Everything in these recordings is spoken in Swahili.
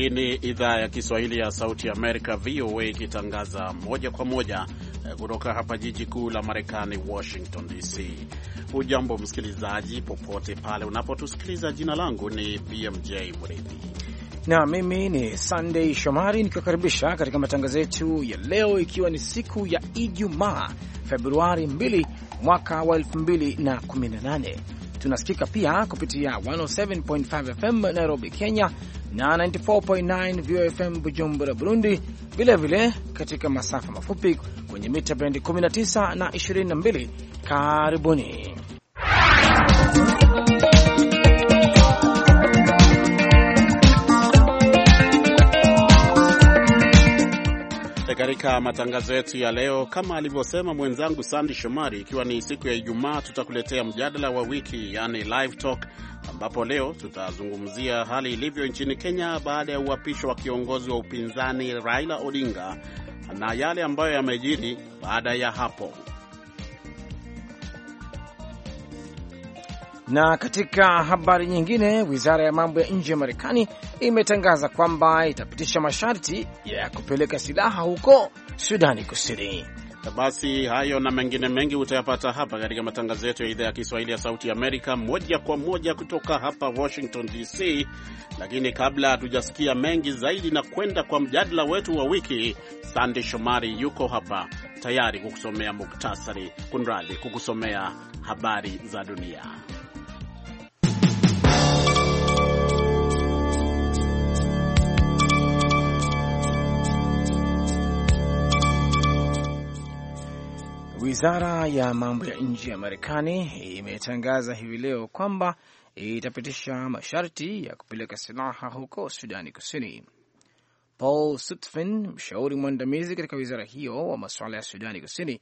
Hii ni idhaa ya Kiswahili ya Sauti Amerika, VOA, ikitangaza moja kwa moja eh, kutoka hapa jiji kuu la Marekani, Washington DC. Hujambo msikilizaji, popote pale unapotusikiliza. Jina langu ni BMJ Mridhi na mimi ni sandey Shomari nikiwakaribisha katika matangazo yetu ya leo, ikiwa ni siku ya Ijumaa, Februari 2 mwaka wa 2018. Tunasikika pia kupitia 107.5 FM Nairobi, Kenya na 94.9 VOFM Bujumbura, Burundi, vilevile katika masafa mafupi kwenye mita bendi 19 na 22. Karibuni. katika matangazo yetu ya leo. Kama alivyosema mwenzangu Sandi Shomari, ikiwa ni siku ya Ijumaa, tutakuletea mjadala wa wiki, yani live talk, ambapo leo tutazungumzia hali ilivyo nchini Kenya baada ya uhapisho wa kiongozi wa upinzani Raila Odinga na yale ambayo yamejiri baada ya hapo. Na katika habari nyingine, wizara ya mambo ya nje ya Marekani imetangaza kwamba itapitisha masharti ya kupeleka silaha huko Sudani Kusini. Basi hayo na mengine mengi utayapata hapa katika matangazo yetu ya idhaa ya Kiswahili ya Sauti ya Amerika, moja kwa moja kutoka hapa Washington DC. Lakini kabla hatujasikia mengi zaidi na kwenda kwa mjadala wetu wa wiki, Sandi Shomari yuko hapa tayari kukusomea muktasari, kunradhi, kukusomea habari za dunia. Wizara ya mambo ya nje ya Marekani imetangaza hivi leo kwamba itapitisha masharti ya kupeleka silaha huko Sudani Kusini. Paul Sutfin, mshauri mwandamizi katika wizara hiyo wa masuala ya Sudani Kusini,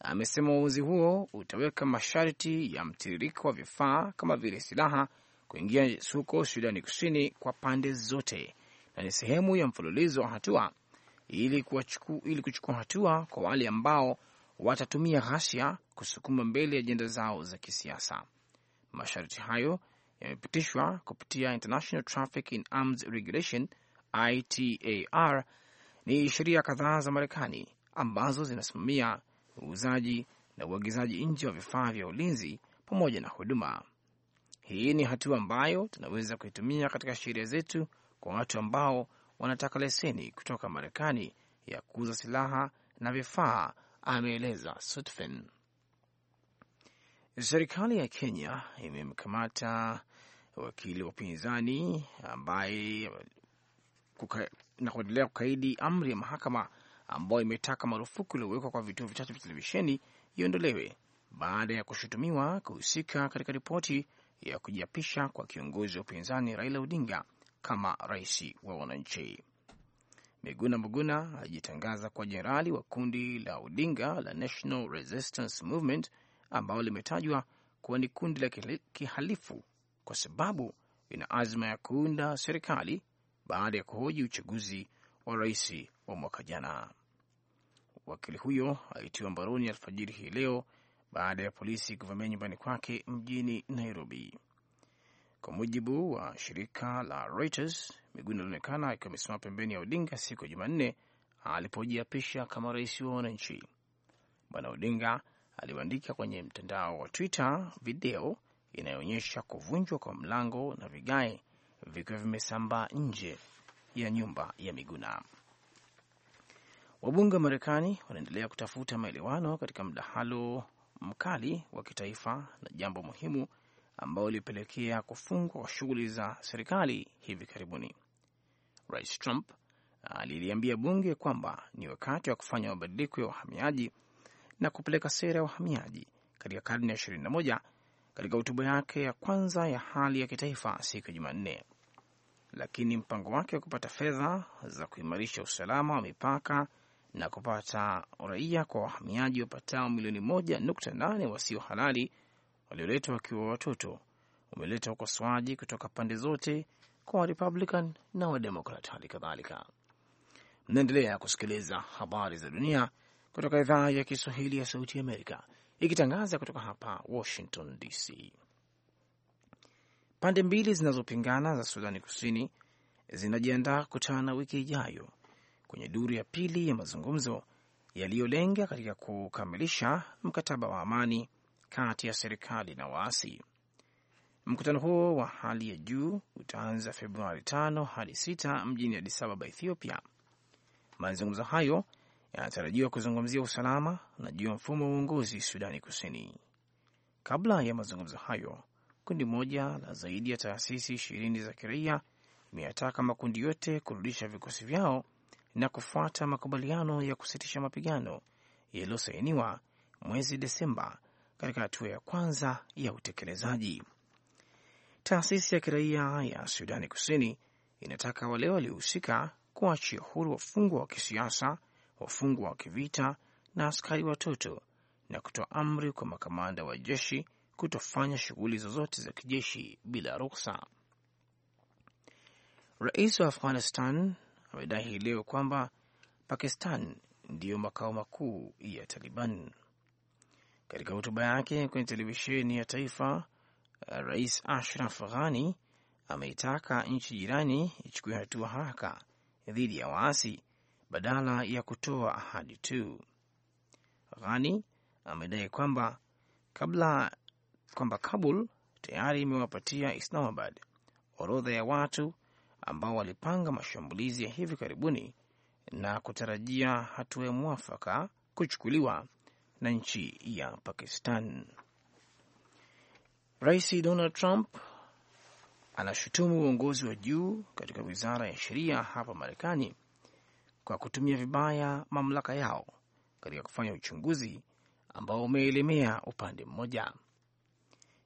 amesema uamuzi huo utaweka masharti ya mtiririko wa vifaa kama vile silaha kuingia huko Sudani Kusini kwa pande zote, na ni sehemu ya mfululizo wa hatua ili kuchukua hatua kwa wale ambao watatumia ghasia kusukuma mbele ajenda zao za kisiasa. Masharti hayo yamepitishwa kupitia International Traffic in Arms Regulation ITAR. Ni sheria kadhaa za Marekani ambazo zinasimamia uuzaji na uagizaji nje wa vifaa vya ulinzi pamoja na huduma. Hii ni hatua ambayo tunaweza kuitumia katika sheria zetu kwa watu ambao wanataka leseni kutoka Marekani ya kuuza silaha na vifaa ameeleza Sutfen. Serikali ya Kenya imemkamata wakili wa upinzani ambaye kuka, na kuendelea kukaidi amri ya mahakama ambayo imetaka marufuku iliyowekwa kwa vituo vichache vya televisheni iondolewe baada ya kushutumiwa kuhusika katika ripoti ya kujiapisha kwa kiongozi wa upinzani Raila Odinga kama rais wa wananchi. Miguna Muguna alijitangaza kwa jenerali wa kundi la Odinga la National Resistance Movement ambalo limetajwa kuwa ni kundi la kihalifu kwa sababu ina azma ya kuunda serikali baada ya kuhoji uchaguzi wa rais wa mwaka jana. Wakili huyo alitiwa mbaroni alfajiri hii leo baada ya polisi kuvamia nyumbani kwake mjini Nairobi. Kwa mujibu wa shirika la Reuters, Miguna alionekana akiwa amesimama pembeni ya Odinga siku ya Jumanne alipojiapisha kama rais wa wananchi. Bwana Odinga aliandika kwenye mtandao wa Twitter video inayoonyesha kuvunjwa kwa mlango na vigae vikiwa vimesambaa nje ya nyumba ya Miguna. Wabunge wa Marekani wanaendelea kutafuta maelewano katika mdahalo mkali wa kitaifa na jambo muhimu ambao ulipelekea kufungwa kwa shughuli za serikali hivi karibuni. Rais Trump ah, aliliambia bunge kwamba ni wakati wa kufanya mabadiliko ya uhamiaji na kupeleka sera ya uhamiaji katika karne ya 21 katika hotuba yake ya kwanza ya hali ya kitaifa siku ya Jumanne, lakini mpango wake wa kupata fedha za kuimarisha usalama wa mipaka na kupata uraia kwa wahamiaji wapatao milioni 1.8 wasio halali walioletwa wakiwa watoto umeleta ukosoaji kutoka pande zote kwa Warepublican na Wademokrat. Hali kadhalika, mnaendelea kusikiliza habari za dunia kutoka idhaa ya Kiswahili ya Sauti Amerika ikitangaza kutoka hapa Washington DC. Pande mbili zinazopingana za Sudani Kusini zinajiandaa kukutana wiki ijayo kwenye duru ya pili ya mazungumzo yaliyolenga katika kukamilisha mkataba wa amani kati ya serikali na waasi. Mkutano huo wa hali ya juu utaanza Februari 5 hadi 6 mjini Addis Ababa, Ethiopia. Mazungumzo hayo yanatarajiwa kuzungumzia usalama na juu ya mfumo wa uongozi Sudani Kusini. Kabla ya mazungumzo hayo, kundi moja la zaidi ya taasisi ishirini za kiraia imeyataka makundi yote kurudisha vikosi vyao na kufuata makubaliano ya kusitisha mapigano yaliyosainiwa mwezi Desemba katika hatua ya kwanza ya utekelezaji. Taasisi ya kiraia ya Sudani Kusini inataka wale waliohusika kuachia huru wafungwa wa kisiasa, wafungwa wa kivita na askari watoto, na kutoa amri kwa makamanda wa jeshi kutofanya shughuli zozote za kijeshi bila ruhusa. Rais wa Afghanistan amedai hii leo kwamba Pakistan ndiyo makao makuu ya Taliban. Katika hotuba yake kwenye televisheni ya taifa, eh, Rais Ashraf Ghani ameitaka nchi jirani ichukue hatua haraka dhidi ya waasi badala ya kutoa ahadi tu. Ghani amedai kwamba kabla kwamba Kabul tayari imewapatia Islamabad orodha ya watu ambao walipanga mashambulizi ya hivi karibuni na kutarajia hatua ya mwafaka kuchukuliwa na nchi ya Pakistan. Rais Donald Trump anashutumu uongozi wa juu katika wizara ya sheria hapa Marekani kwa kutumia vibaya mamlaka yao katika kufanya uchunguzi ambao umeelemea upande mmoja.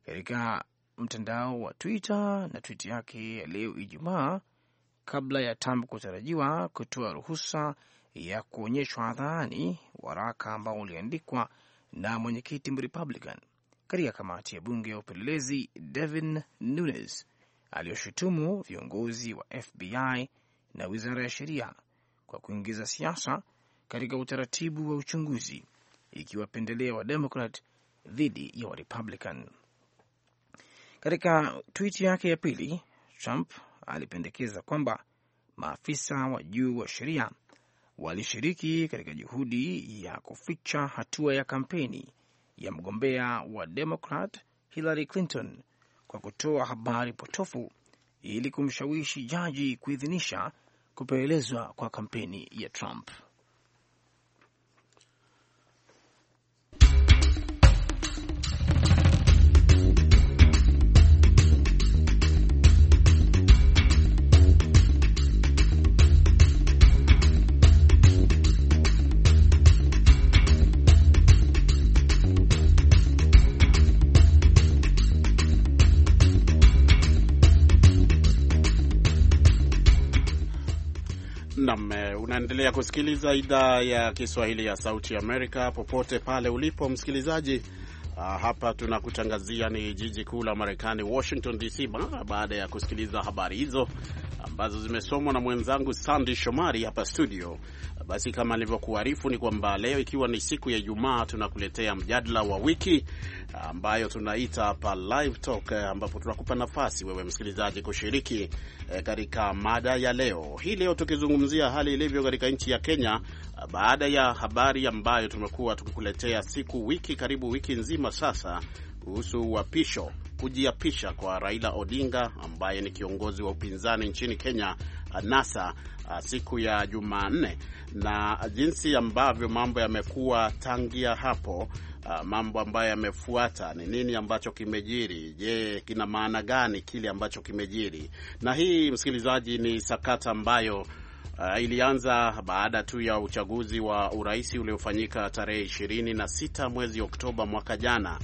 Katika mtandao wa Twitter na twiti yake ya leo Ijumaa, kabla ya Trump kutarajiwa kutoa ruhusa ya kuonyeshwa hadharani waraka ambao uliandikwa na mwenyekiti Mrepublican katika kamati ya bunge ya upelelezi Devin Nunes aliyoshutumu viongozi wa FBI na wizara ya sheria kwa kuingiza siasa katika utaratibu wa uchunguzi ikiwapendelea Wademokrat dhidi ya Warepublican. Katika twiti yake ya pili, Trump alipendekeza kwamba maafisa wa juu wa sheria walishiriki katika juhudi ya kuficha hatua ya kampeni ya mgombea wa Demokrat Hillary Clinton kwa kutoa habari potofu ili kumshawishi jaji kuidhinisha kupelelezwa kwa kampeni ya Trump. Nam, eh, unaendelea kusikiliza idhaa ya Kiswahili ya Sauti Amerika popote pale ulipo msikilizaji. Uh, hapa tunakutangazia ni jiji kuu la Marekani, Washington DC. Baada ya kusikiliza habari hizo ambazo zimesomwa na mwenzangu Sandy Shomari hapa studio, basi kama alivyokuarifu ni kwamba leo ikiwa ni siku ya Ijumaa, tunakuletea mjadala wa wiki ambayo tunaita hapa Live Talk, ambapo tunakupa nafasi wewe msikilizaji kushiriki eh, katika mada ya leo hii. Leo tukizungumzia hali ilivyo katika nchi ya Kenya baada ya habari ambayo tumekuwa tukikuletea siku wiki karibu wiki nzima sasa kuhusu uapisho kujiapisha kwa Raila Odinga ambaye ni kiongozi wa upinzani nchini Kenya NASA Ah, siku ya Jumanne na jinsi ambavyo mambo yamekuwa tangia hapo. Uh, mambo ambayo yamefuata ni nini ambacho kimejiri? Je, kina maana gani kile ambacho kimejiri? Na hii msikilizaji, ni sakata ambayo Uh, ilianza baada tu ya uchaguzi wa urais uliofanyika tarehe ishirini na sita mwezi Oktoba mwaka jana,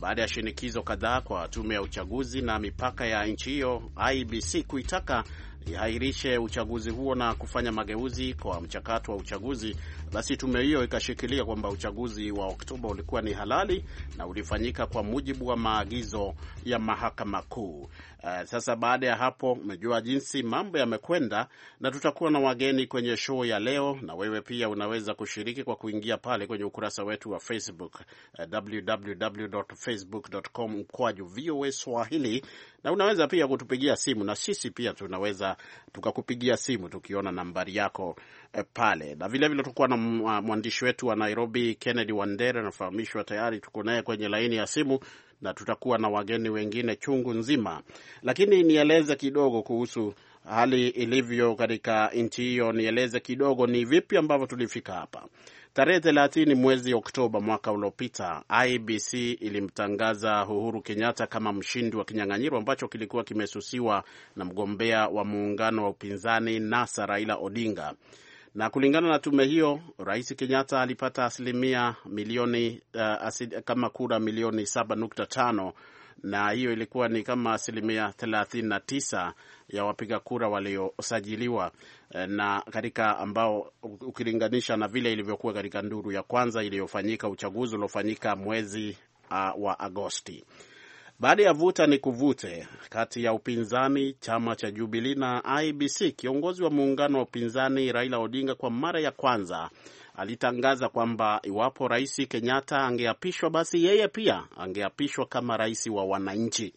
baada ya shinikizo kadhaa kwa tume ya uchaguzi na mipaka ya nchi hiyo IBC kuitaka ihairishe uchaguzi huo na kufanya mageuzi kwa mchakato wa uchaguzi, basi tume hiyo ikashikilia kwamba uchaguzi wa Oktoba ulikuwa ni halali na ulifanyika kwa mujibu wa maagizo ya mahakama kuu. Eh, sasa baada ya hapo, umejua jinsi mambo yamekwenda, na tutakuwa na wageni kwenye show ya leo, na wewe pia unaweza kushiriki kwa kuingia pale kwenye ukurasa wetu wa Facebook eh, www.facebook.com mkwaju VOA Swahili, na unaweza pia kutupigia simu, na sisi pia tunaweza tukakupigia simu tukiona nambari yako eh, pale, na vilevile tutakuwa na mwandishi wetu wa Nairobi Kennedy Wandera, anafahamishwa tayari, tuko naye kwenye laini ya simu na tutakuwa na wageni wengine chungu nzima, lakini nieleze kidogo kuhusu hali ilivyo katika nchi hiyo. Nieleze kidogo ni vipi ambavyo tulifika hapa. Tarehe thelathini mwezi Oktoba mwaka uliopita, IBC ilimtangaza Uhuru Kenyatta kama mshindi wa kinyang'anyiro ambacho kilikuwa kimesusiwa na mgombea wa muungano wa upinzani NASA Raila Odinga. Na kulingana na tume hiyo, Rais Kenyatta alipata asilimia milioni uh, eh, asid, kama kura milioni 7.5 na hiyo ilikuwa ni kama asilimia 39 ya wapiga kura waliosajiliwa eh, na katika ambao ukilinganisha na vile ilivyokuwa katika nduru ya kwanza iliyofanyika uchaguzi uliofanyika mwezi uh, wa Agosti. Baada ya vuta ni kuvute kati ya upinzani, chama cha Jubilee na IBC, kiongozi wa muungano wa upinzani Raila Odinga kwa mara ya kwanza alitangaza kwamba iwapo Rais Kenyatta angeapishwa, basi yeye pia angeapishwa kama rais wa wananchi,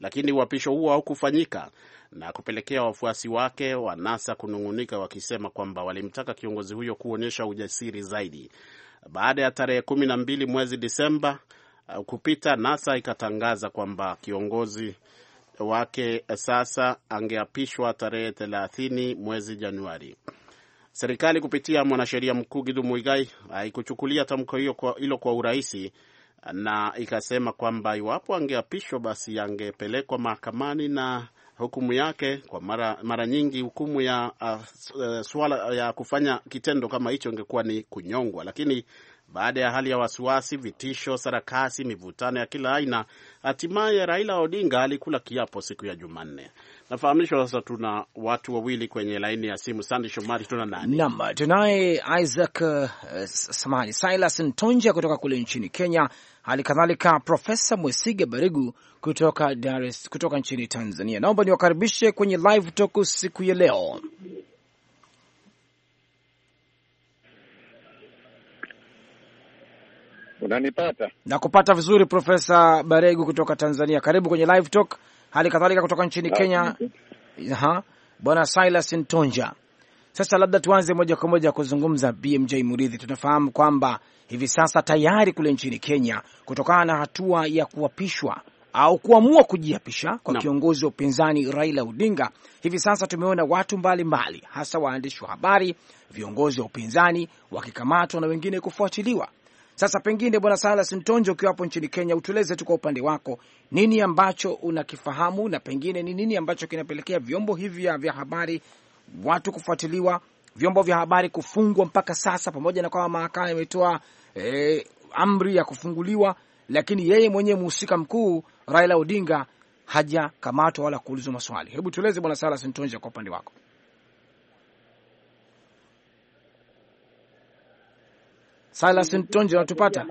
lakini uapisho huo haukufanyika na kupelekea wafuasi wake wa NASA kunung'unika wakisema kwamba walimtaka kiongozi huyo kuonyesha ujasiri zaidi. Baada ya tarehe kumi na mbili mwezi Disemba, Uh, kupita, NASA ikatangaza kwamba kiongozi wake sasa angeapishwa tarehe thelathini mwezi Januari. Serikali kupitia mwanasheria mkuu Gidu Muigai haikuchukulia tamko hilo kwa, hilo kwa urahisi na ikasema kwamba iwapo angeapishwa basi angepelekwa mahakamani na hukumu yake kwa mara, mara nyingi hukumu ya uh, uh swala ya kufanya kitendo kama hicho ingekuwa ni kunyongwa, lakini baada ya hali ya wasiwasi, vitisho, sarakasi, mivutano ya kila aina, hatimaye Raila Odinga alikula kiapo siku ya Jumanne. Nafahamishwa sasa tuna watu wawili kwenye laini ya simu. Sandi Shomari, tuna nani? Naam, tunaye Isaac uh, samani Silas Ntonja kutoka kule nchini Kenya, hali kadhalika Profesa Mwesiga Barigu kutoka Dar es kutoka nchini Tanzania. Naomba niwakaribishe kwenye live talk siku ya leo. Unanipata nakupata vizuri, Profesa Baregu kutoka Tanzania, karibu kwenye live talk. Hali kadhalika kutoka nchini na Kenya, aha, Bwana Silas Ntonja. Sasa labda tuanze moja kwa moja kuzungumza BMJ Muridhi, tunafahamu kwamba hivi sasa tayari kule nchini Kenya, kutokana na hatua ya kuapishwa au kuamua kujiapisha kwa no. kiongozi wa upinzani Raila Odinga, hivi sasa tumeona watu mbalimbali mbali, hasa waandishi wa habari, viongozi wa upinzani wakikamatwa na wengine kufuatiliwa. Sasa pengine Bwana Salas Mtonjo, ukiwa hapo nchini Kenya, utueleze tu kwa upande wako nini ambacho unakifahamu na pengine ni nini ambacho kinapelekea vyombo hivi vya habari, watu kufuatiliwa, vyombo vya habari kufungwa mpaka sasa, pamoja na kwamba mahakama imetoa eh, amri ya kufunguliwa, lakini yeye mwenyewe mhusika mkuu Raila Odinga hajakamatwa wala kuulizwa maswali. Hebu tueleze Bwana Salas Mtonjo kwa upande wako. Silas Ntonje, unatupata?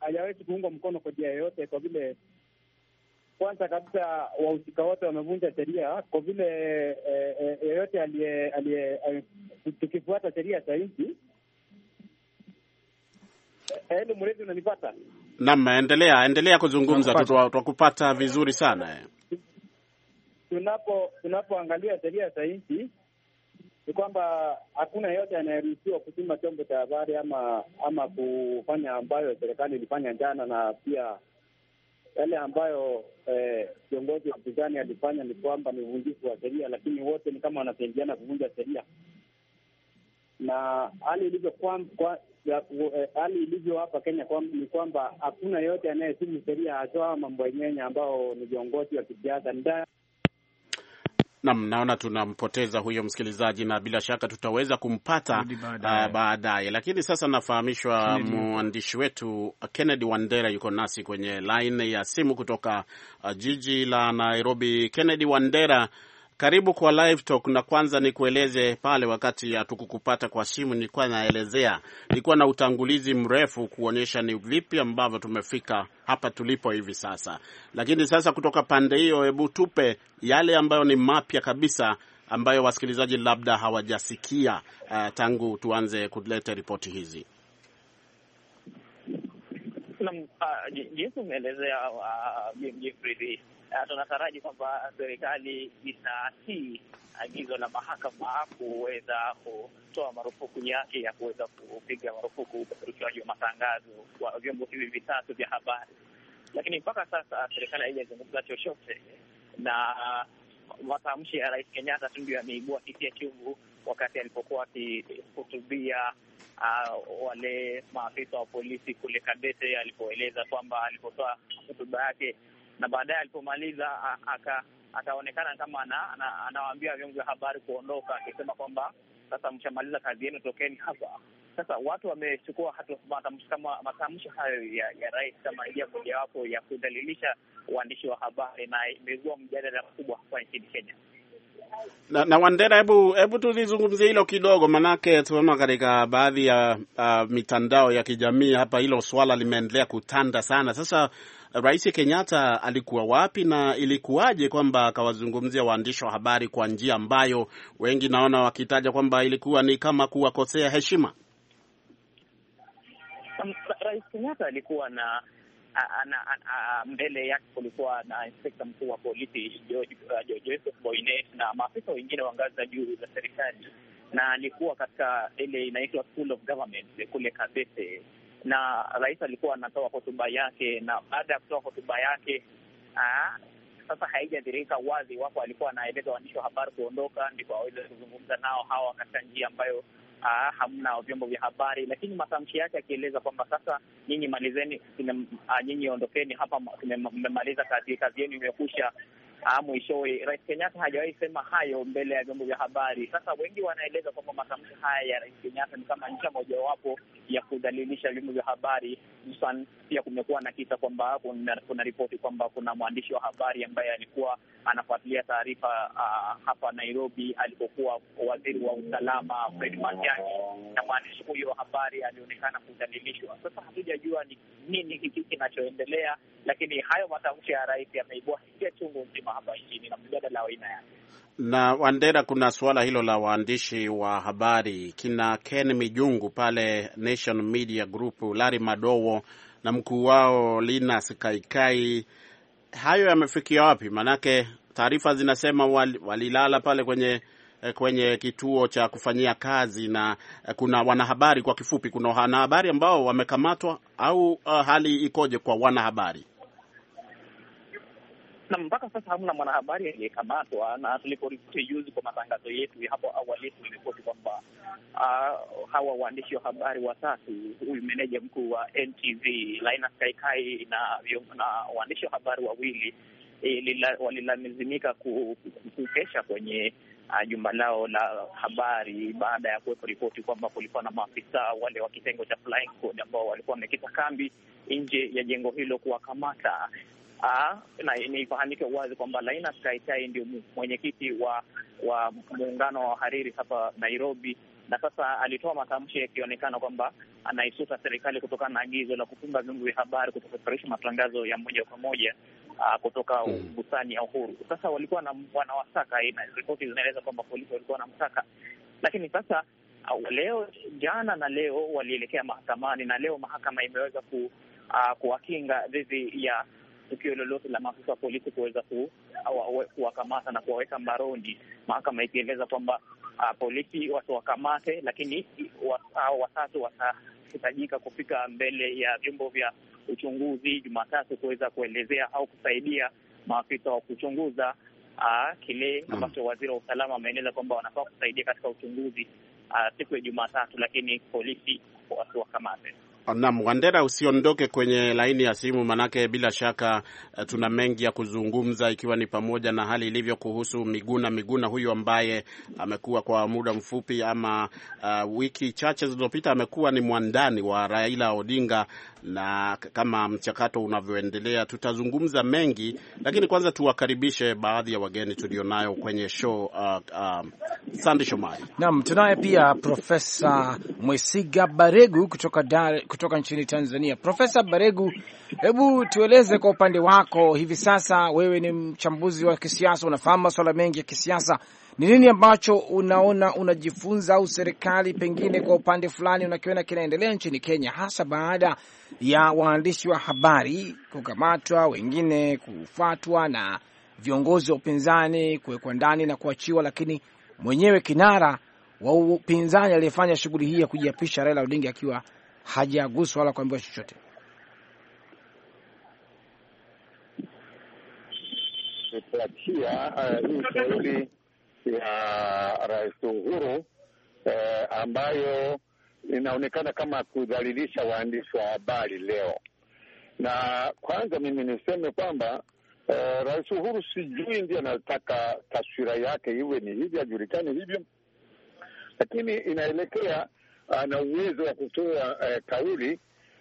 Hajawezi kuungwa mkono kwa njia yoyote, kwa vile kwanza kabisa wahusika wote wamevunja sheria, kwa vile e, e, yeyote aliye e, tukifuata sheria za nchi. Eli Mrezi, unanipata? Naam, endelea endelea kuzungumza, twakupata vizuri sana. Tunapo tunapoangalia sheria za nchi ni kwamba hakuna yeyote anayeruhusiwa kuchuma chombo cha habari ama ama kufanya ambayo serikali ilifanya jana, na pia yale ambayo eh, kiongozi eh, wa upinzani alifanya ni kwamba ni uvunjifu wa sheria, lakini wote ni kama wanasaidiana kuvunja sheria na hali ilivyo kwa eh, hali ilivyo hapa Kenya ni kwamba hakuna yeyote anayesimu sheria, hasa mambo yenyenye ambao ni viongozi wa kisiasa ndani Nam, naona tunampoteza huyo msikilizaji na bila shaka tutaweza kumpata eh, baadaye, uh, lakini sasa nafahamishwa mwandishi wetu Kennedy Wandera yuko nasi kwenye line ya simu kutoka uh, jiji la Nairobi. Kennedy Wandera, karibu kwa live talk, na kwanza nikueleze pale, wakati hatukukupata kwa simu, nilikuwa naelezea, nilikuwa na utangulizi mrefu kuonyesha ni vipi ambavyo tumefika hapa tulipo hivi sasa. Lakini sasa kutoka pande hiyo, hebu tupe yale ambayo ni mapya kabisa ambayo wasikilizaji labda hawajasikia uh, tangu tuanze kuleta ripoti hizi. Uh, jinsi umeelezea uh, uh, tunataraji kwamba serikali itatii agizo la mahakama kuweza kutoa marufuku yake ya kuweza kupiga marufuku upeperushaji wa matangazo wa vyombo hivi vitatu vya habari, lakini mpaka sasa serikali haijazungumza chochote na matamshi ya Rais Kenyatta tu ndio yameibua kisia chungu wakati alipokuwa akihutubia uh, wale maafisa wa polisi kule Kabete, alipoeleza kwamba alipotoa hotuba yake na baadaye alipomaliza akaonekana kama anawaambia vyombo vya habari kuondoka, akisema kwamba sasa mshamaliza kazi yenu, tokeni hapa. Sasa watu wamechukua matamshi hayo ya, ya rais kama njia mojawapo ya kudhalilisha uandishi wa habari na imezua mjadala mkubwa hapa nchini Kenya. Na, na Wandera, hebu hebu tulizungumzia hilo kidogo, manake tunaona katika baadhi ya uh, mitandao ya kijamii hapa hilo swala limeendelea kutanda sana. Sasa Rais Kenyatta alikuwa wapi na ilikuwaje kwamba akawazungumzia waandishi wa habari kwa njia ambayo wengi naona wakitaja kwamba ilikuwa ni kama kuwakosea heshima? Um, Rais Kenyatta alikuwa na a, a, mbele yake kulikuwa na inspekta mkuu wa polisi uh, Joseph Boine na maafisa wengine wa ngazi za juu za serikali, na alikuwa katika ile inaitwa School of Government kule Kabete na rais alikuwa anatoa hotuba yake, na baada ya kutoa hotuba yake aa, ah, sasa haijadhirika wazi wapo alikuwa anaeleza waandishi wa habari kuondoka ndipo aweze kuzungumza nao hawa katika njia ambayo aa, ah, hamna vyombo vya habari, lakini matamshi yake akieleza kwamba sasa nyinyi malizeni, ah, nyinyi ondokeni hapa, mmemaliza kazi, kazi yenu imekusha. Ah, mwishowe. Rais Kenyatta hajawahi sema hayo mbele ya vyombo vya habari. Sasa wengi wanaeleza kwamba matamshi haya ya Rais Kenyatta ni kama njia mojawapo ya kudhalilisha vyombo vya habari, hususan pia kumekuwa na kisa kwamba kuna, kuna ripoti kwamba kuna mwandishi wa habari ambaye alikuwa anafuatilia taarifa uh, hapa Nairobi alipokuwa waziri wa usalama Fred Matiang'i, na mwandishi huyo wa habari alionekana kudhalilishwa. Sasa hatujajua ni nini hiki kinachoendelea, lakini hayo matamshi ya rais yameibua hisia chungu nzima umma hapa na mjadala wa aina yake. Na Wandera, kuna suala hilo la waandishi wa habari kina Ken Mijungu pale Nation Media Group, Lari Madowo na mkuu wao linas Kaikai, hayo yamefikia wapi? Maanake taarifa zinasema walilala pale kwenye eh, kwenye kituo cha kufanyia kazi na eh, kuna wanahabari, kwa kifupi, kuna wanahabari ambao wamekamatwa au uh, hali ikoje kwa wanahabari? na mpaka sasa hamna mwanahabari aliyekamatwa, na tuliporipoti juzi kwa matangazo yetu hapo awali tuliripoti kwamba uh, hawa waandishi wa habari watatu, huyu meneja mkuu wa NTV Linus Kaikai na, na waandishi wa habari wawili e, eh, walilazimika kukesha kwenye uh, jumba lao la habari baada ya kuwepo ripoti kwamba kulikuwa na maafisa wale wa kitengo cha flying squad ambao walikuwa wamekita kambi nje ya jengo hilo kuwakamata Aa, ah, na nifahamike wazi kwamba Laina Skaitai ndio mwenyekiti wa wa muungano wa hariri hapa Nairobi, na sasa alitoa matamshi yakionekana kwamba anaisuta serikali kutokana na agizo la kufunga vyombo vya habari kutopeperusha matangazo ya moja kwa moja ah, kutoka bustani hmm. ya Uhuru. Sasa walikuwa na wanawasaka, eh, ripoti zinaeleza kwamba polisi walikuwa msaka, lakini sasa leo, jana na leo walielekea mahakamani, na leo mahakama imeweza ku, ah, kuwakinga dhidi ya tukio lolote la maafisa wa polisi kuweza kuwakamata na kuwaweka mbaroni, mahakama ikieleza kwamba uh, polisi wasiwakamate, lakini watatu watahitajika kufika mbele ya vyombo vya uchunguzi Jumatatu kuweza kuelezea au kusaidia maafisa wa kuchunguza uh, kile hmm. ambacho waziri wa usalama ameeleza kwamba wanafaa kusaidia katika uchunguzi ah, siku ya Jumatatu, lakini polisi wasiwakamate. Naam, Wandera, usiondoke kwenye laini ya simu, manake bila shaka eh, tuna mengi ya kuzungumza, ikiwa ni pamoja na hali ilivyo kuhusu Miguna Miguna huyu ambaye amekuwa kwa muda mfupi ama uh, wiki chache zilizopita amekuwa ni mwandani wa Raila Odinga, na kama mchakato unavyoendelea tutazungumza mengi, lakini kwanza tuwakaribishe baadhi ya wageni tulionayo kwenye show. Uh, eh, uh, Sandy Shomari. Naam, tunaye pia Profesa Mwesiga Baregu kutoka Dar kutoka nchini Tanzania. Profesa Baregu, hebu tueleze kwa upande wako, hivi sasa wewe ni mchambuzi wa kisiasa, unafahamu masuala mengi ya kisiasa. Ni nini ambacho unaona unajifunza au serikali pengine kwa upande fulani unakiona kinaendelea nchini Kenya, hasa baada ya waandishi wa habari kukamatwa, wengine kufuatwa na viongozi wa upinzani kuwekwa ndani na kuachiwa, lakini mwenyewe kinara wa upinzani aliyefanya shughuli hii ya kujiapisha Raila Odinga akiwa hajaguswa wala kuambiwa chochote. kifuatia uh, hii kauli ya Rais Uhuru uh, ambayo inaonekana kama kudhalilisha waandishi wa habari leo. Na kwanza mimi niseme kwamba uh, Rais Uhuru sijui ndiye anataka taswira yake iwe ni hivi, ajulikane hivyo, lakini inaelekea ana uwezo wa kutoa eh, kauli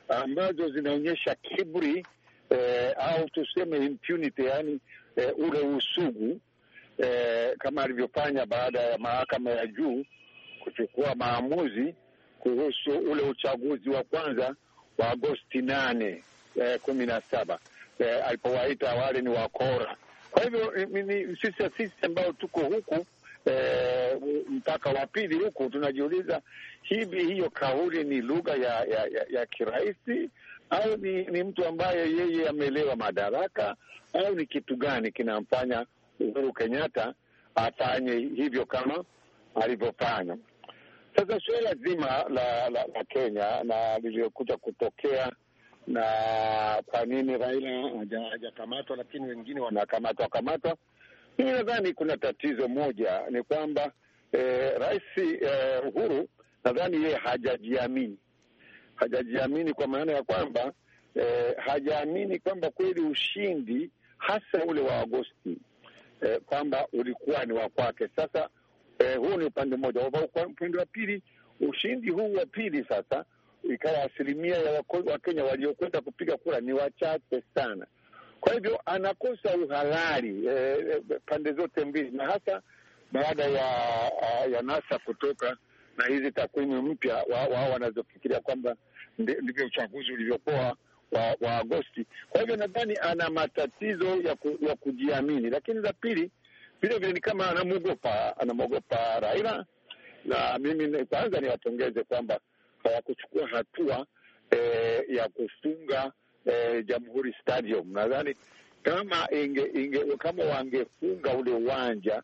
ambazo zinaonyesha kiburi eh, au tuseme impunity, yaani eh, ule usugu eh, kama alivyofanya baada ya mahakama ya juu kuchukua maamuzi kuhusu ule uchaguzi wa kwanza wa Agosti nane eh, kumi na saba eh, alipowaita wale ni wakora. Kwa hivyo sisi sisi ambao tuko huku eh, mpaka wa pili huku, tunajiuliza hivi, hiyo kauli ni lugha ya, ya, ya, ya kirahisi au ni, ni mtu ambaye yeye ameelewa madaraka au ni kitu gani kinamfanya Uhuru Kenyatta afanye hivyo kama alivyofanya? Sasa suala zima la, la, la Kenya na lililokuja kutokea na kwa nini Raila hajakamatwa, lakini wengine wanakamatwa kamatwa mimi nadhani kuna tatizo moja ni kwamba eh, Rais eh, Uhuru nadhani yeye hajajiamini, hajajiamini kwa maana ya kwamba eh, hajaamini kwamba kweli ushindi hasa ule wa Agosti eh, kwamba ulikuwa ni wa kwake. Sasa eh, huu ni upande mmoja. Upande wa pili, ushindi huu wa pili sasa ikawa asilimia ya Wakenya waliokwenda kupiga kura ni wachache sana. Kwa hivyo anakosa uhalali eh, eh, pande zote mbili, na hasa baada ya eh, ya NASA kutoka na hizi takwimu mpya wao wa, wanazofikiria kwamba ndivyo uchaguzi ulivyokuwa wa, wa Agosti. Kwa hivyo nadhani ana matatizo ya, ku, ya kujiamini, lakini la pili vile vile ni kama anamwogopa anamwogopa Raila, na mimi kwanza niwapongeze kwamba hawakuchukua hatua eh, ya kufunga eh, Jamhuri Stadium. Nadhani kama inge, inge, kama wangefunga ule uwanja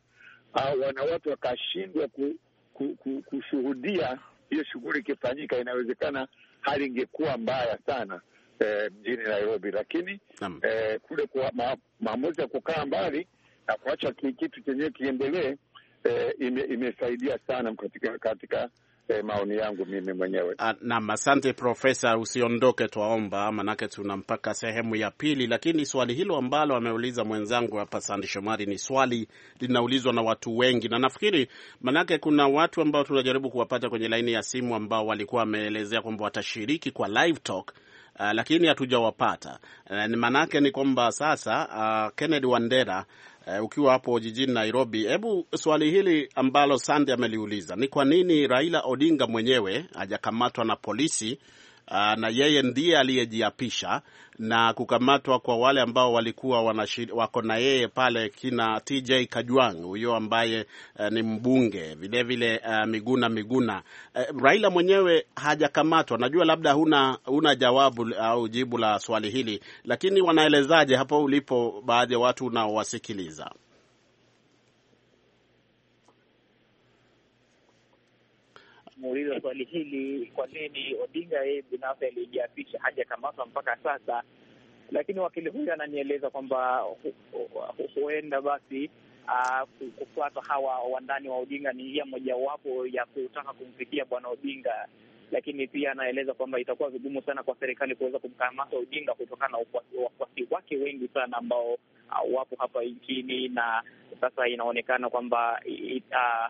au ah, wanawatu wakashindwa ku, ku, ku, kushuhudia hiyo shughuli ikifanyika, inawezekana hali ingekuwa mbaya sana eh, mjini Nairobi, lakini eh, kule kwa ma, maamuzi ya kukaa mbali na kuacha kitu chenyewe kiendelee eh, ime, imesaidia sana katika katika eh, maoni yangu mimi mwenyewe. Ah, naam, asante Profesa, usiondoke twaomba, manake tuna mpaka sehemu ya pili, lakini swali hilo ambalo ameuliza mwenzangu hapa Sandi Shomari ni swali linaulizwa na watu wengi, na nafikiri manake kuna watu ambao tunajaribu kuwapata kwenye laini ya simu ambao walikuwa wameelezea kwamba watashiriki kwa live talk. Uh, lakini hatujawapata. Uh, eh, maanake ni kwamba sasa uh, Kennedy Wandera uh, ukiwa hapo jijini Nairobi, hebu swali hili ambalo Sandy ameliuliza ni kwa nini Raila Odinga mwenyewe hajakamatwa na polisi Ah, na yeye ndiye aliyejiapisha na kukamatwa kwa wale ambao walikuwa wako na yeye pale, kina TJ Kajwang huyo ambaye uh, ni mbunge vilevile vile, uh, Miguna Miguna uh, Raila mwenyewe hajakamatwa. Najua labda huna, huna jawabu au uh, jibu la swali hili, lakini wanaelezaje hapo ulipo baadhi ya watu unaowasikiliza? kumuuliza swali hili, kwa nini Odinga yeye binafsi alijiapisha hajakamatwa mpaka sasa. Lakini wakili huyu ananieleza kwamba huenda basi uh, kufuatwa hawa wandani wa Odinga ni njia mojawapo ya kutaka kumfikia bwana Odinga, lakini pia anaeleza kwamba itakuwa vigumu sana kwa serikali kuweza kumkamata Odinga kutokana na wafuasi wake wengi sana ambao uh, wapo hapa nchini na sasa inaonekana kwamba uh,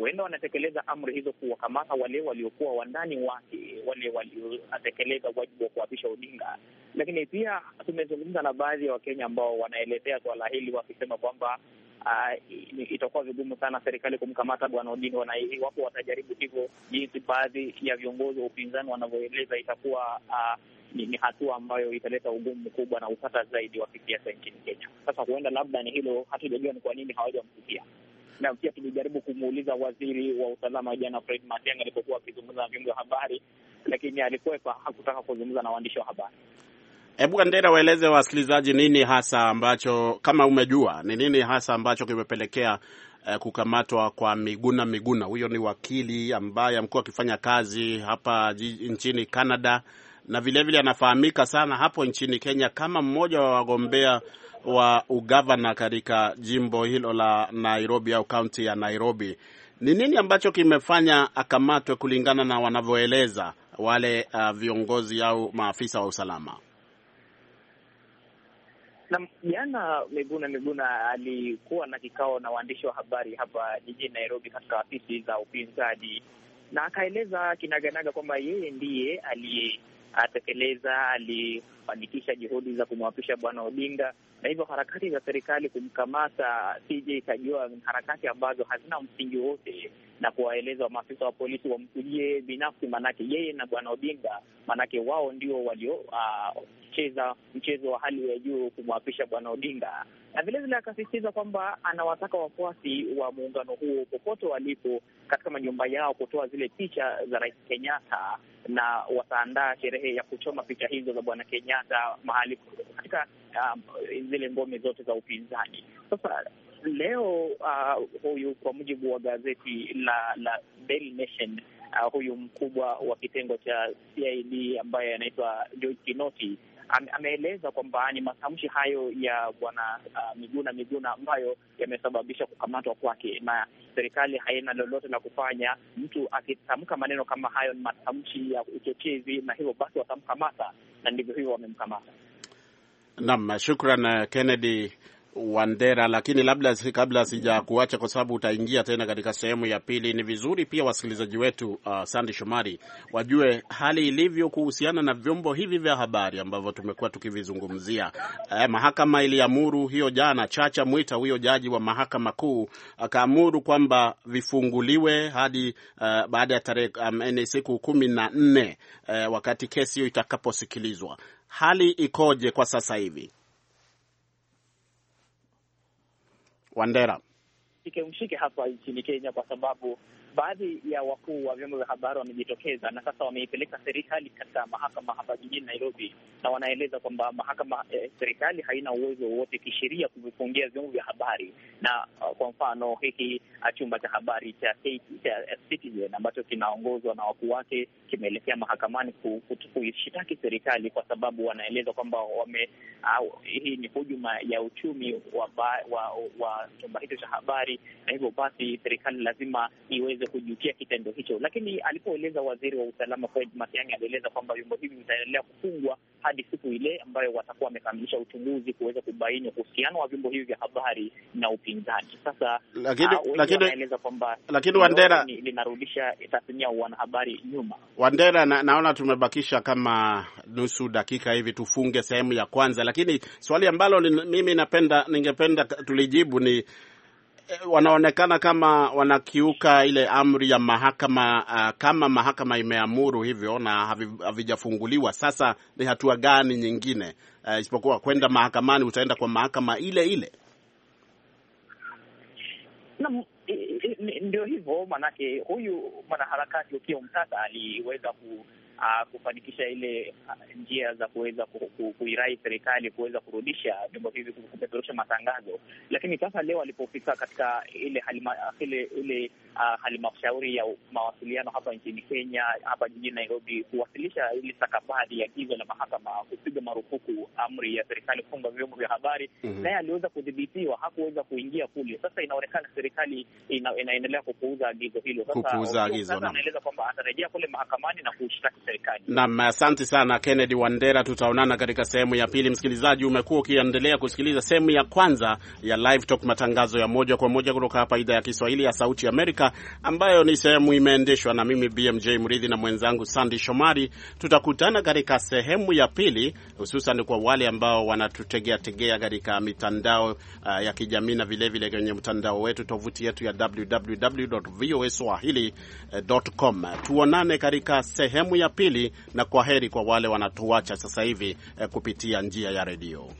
huenda wanatekeleza amri hizo kuwakamata wale waliokuwa wandani wake, wale waliotekeleza wajibu wa kuapisha Odinga. Lakini pia tumezungumza na baadhi ya Wakenya ambao wanaelezea swala hili wakisema kwamba Uh, itakuwa vigumu sana serikali kumkamata bwana Odinga, na iwapo watajaribu hivyo, jinsi baadhi ya viongozi wa upinzani wanavyoeleza, itakuwa uh, ni, ni hatua ambayo italeta ugumu mkubwa na utata zaidi wa kisiasa nchini Kenya. Sasa huenda labda ni hilo, hatujajua ni kwa nini hawajamsikia na pia tulijaribu kumuuliza waziri wa usalama jana Fred Matiang'i alipokuwa akizungumza na vyombo vya habari, lakini alikwepa, hakutaka kuzungumza na waandishi wa habari. Hebu Wandera, waeleze wasikilizaji nini hasa ambacho, kama umejua, ni nini hasa ambacho kimepelekea eh, kukamatwa kwa Miguna Miguna. Huyo ni wakili ambaye amekuwa akifanya kazi hapa nchini Canada na vilevile vile anafahamika sana hapo nchini Kenya kama mmoja wa wagombea wa ugavana katika jimbo hilo la Nairobi au kaunti ya Nairobi. Ni nini ambacho kimefanya akamatwe kulingana na wanavyoeleza wale uh, viongozi au maafisa wa usalama? Na jana Miguna Miguna alikuwa na kikao na waandishi wa habari hapa jijini Nairobi katika afisi za upinzani, na akaeleza kinaganaga kwamba yeye ndiye aliyetekeleza, alifanikisha juhudi za kumwapisha Bwana Odinga na hivyo harakati za serikali kumkamata CJ Kajua ni harakati ambazo hazina msingi wote, na kuwaeleza maafisa wa polisi wamkujie binafsi, maanake yeye na bwana Odinga, maanake wao ndio walio uh, kucheza mchezo wa hali ya juu kumwapisha Bwana Odinga, na vilevile akasisitiza kwamba anawataka wafuasi wa muungano huo popote walipo katika majumba yao kutoa zile picha za Rais Kenyatta, na wataandaa sherehe ya kuchoma picha hizo za Bwana Kenyatta mahali katika um, zile ngome zote za upinzani. Sasa leo uh, huyu kwa mujibu wa gazeti la la Daily Nation uh, huyu mkubwa wa kitengo cha CID ambaye anaitwa George Kinoti ameeleza kwamba ni matamshi hayo ya bwana uh, Miguna Miguna ambayo yamesababisha kukamatwa kwake, na serikali haina lolote la kufanya. Mtu akitamka maneno kama hayo ni matamshi ya uchochezi, na hivyo basi watamkamata, na ndivyo hivyo wamemkamata. Naam, shukran uh, Kennedy Wandera, lakini labda kabla sija kuacha, kwa sababu utaingia tena katika sehemu ya pili, ni vizuri pia wasikilizaji wetu uh, Sandi Shomari wajue hali ilivyo kuhusiana na vyombo hivi vya habari ambavyo tumekuwa tukivizungumzia. Eh, mahakama iliamuru hiyo jana, Chacha Mwita huyo jaji wa mahakama kuu akaamuru kwamba vifunguliwe hadi uh, baada ya tarehe um, eh, siku kumi na nne uh, wakati kesi hiyo itakaposikilizwa. Hali ikoje kwa sasa hivi? Wandera. Mshike hapa nchini Kenya kwa sababu baadhi ya wakuu wa vyombo vya habari wamejitokeza na sasa wameipeleka serikali katika mahakama hapa jijini Nairobi, na wanaeleza kwamba mahakama eh, serikali haina uwezo wowote kisheria kuvifungia vyombo vya habari na uh, kwa mfano hiki uh, chumba cha habari cha Citizen ambacho kinaongozwa na wakuu wake kimeelekea mahakamani kuishitaki serikali kwa sababu wanaeleza kwamba wame uh, hii ni hujuma ya uchumi wa, wa, wa, wa chumba hicho cha habari, na hivyo basi serikali lazima iweze waweze kujutia kitendo hicho. Lakini alipoeleza waziri wa usalama Fred Matiang'i, alieleza kwamba vyombo hivi vitaendelea kufungwa hadi siku ile ambayo watakuwa wamekamilisha uchunguzi kuweza kubaini uhusiano wa vyombo hivi vya habari na upinzani. Sasa ah, wanaeleza kwamba linarudisha tasnia wanahabari nyuma. Wandera, na, naona tumebakisha kama nusu dakika hivi, tufunge sehemu ya kwanza, lakini swali ambalo mimi napenda ningependa tulijibu ni Eh, wanaonekana kama wanakiuka ile amri ya mahakama uh, kama mahakama imeamuru hivyo na havijafunguliwa, sasa ni hatua gani nyingine uh, isipokuwa kwenda mahakamani? Utaenda kwa mahakama ile ile na ndio hivyo, maanake huyu mwanaharakati ukiwa Omtata aliweza ku uh, kufanikisha ile uh, njia za kuweza kuirai serikali kuweza kurudisha vyombo hivi kupeperusha matangazo, lakini sasa leo alipofika katika ile halima, ile, ile uh, halmashauri ya mawasiliano hapa nchini Kenya, hapa jijini Nairobi, kuwasilisha ili stakabadhi ya agizo la mahakama kupiga marufuku amri ya serikali kufunga vyombo vya habari mm -hmm. Naye aliweza kudhibitiwa, hakuweza kuingia kule. Sasa inaonekana serikali ina, inaendelea kupuuza agizo hilo. Sasa kupuuza agizo, anaeleza kwamba atarejea kule mahakamani na kushtaki serikali. Naam, asante sana Kennedy Wandera, tutaonana katika sehemu ya pili. Msikilizaji, umekuwa ukiendelea kusikiliza sehemu ya kwanza ya Live Talk, matangazo ya moja kwa moja kutoka hapa idhaa ya Kiswahili ya Sauti Amerika Afrika, ambayo ni sehemu imeendeshwa na mimi BMJ Mridhi na mwenzangu Sandy Shomari. Tutakutana katika sehemu ya pili, hususan kwa wale ambao wanatutegea tegea katika mitandao uh, ya kijamii na vilevile kwenye mtandao wetu, tovuti yetu ya www.voaswahili.com. Tuonane katika sehemu ya pili, na kwa heri kwa wale wanatuacha sasa hivi uh, kupitia njia ya redio.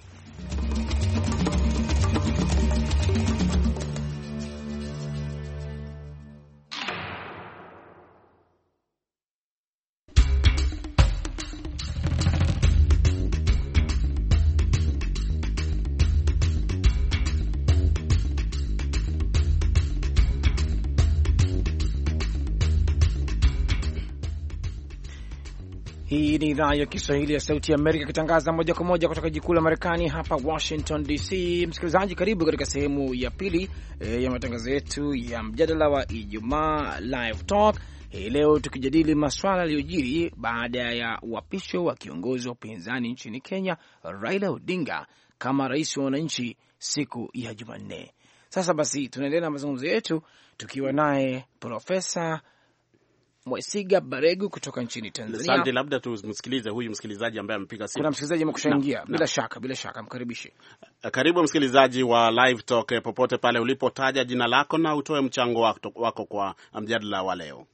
Hii ni idhaa ya Kiswahili ya Sauti ya Amerika ikitangaza moja kwa moja kutoka jikuu la Marekani hapa Washington DC. Msikilizaji, karibu katika sehemu ya pili e, ya matangazo yetu ya mjadala wa Ijumaa Live Talk hii leo, tukijadili maswala yaliyojiri baada ya uapisho wa kiongozi wa upinzani nchini Kenya Raila Odinga kama rais wa wananchi siku ya Jumanne. Sasa basi, tunaendelea na mazungumzo yetu tukiwa naye Profesa Mwesiga Baregu kutoka nchini Tanzania. Asante, labda tumsikilize huyu msikilizaji ambaye amepiga simu. Kuna msikilizaji amekushaingia bila na shaka, bila shaka mkaribishe. Eh, karibu msikilizaji wa Live Talk eh, popote pale ulipotaja jina lako na utoe mchango wako, wako kwa mjadala wa leo.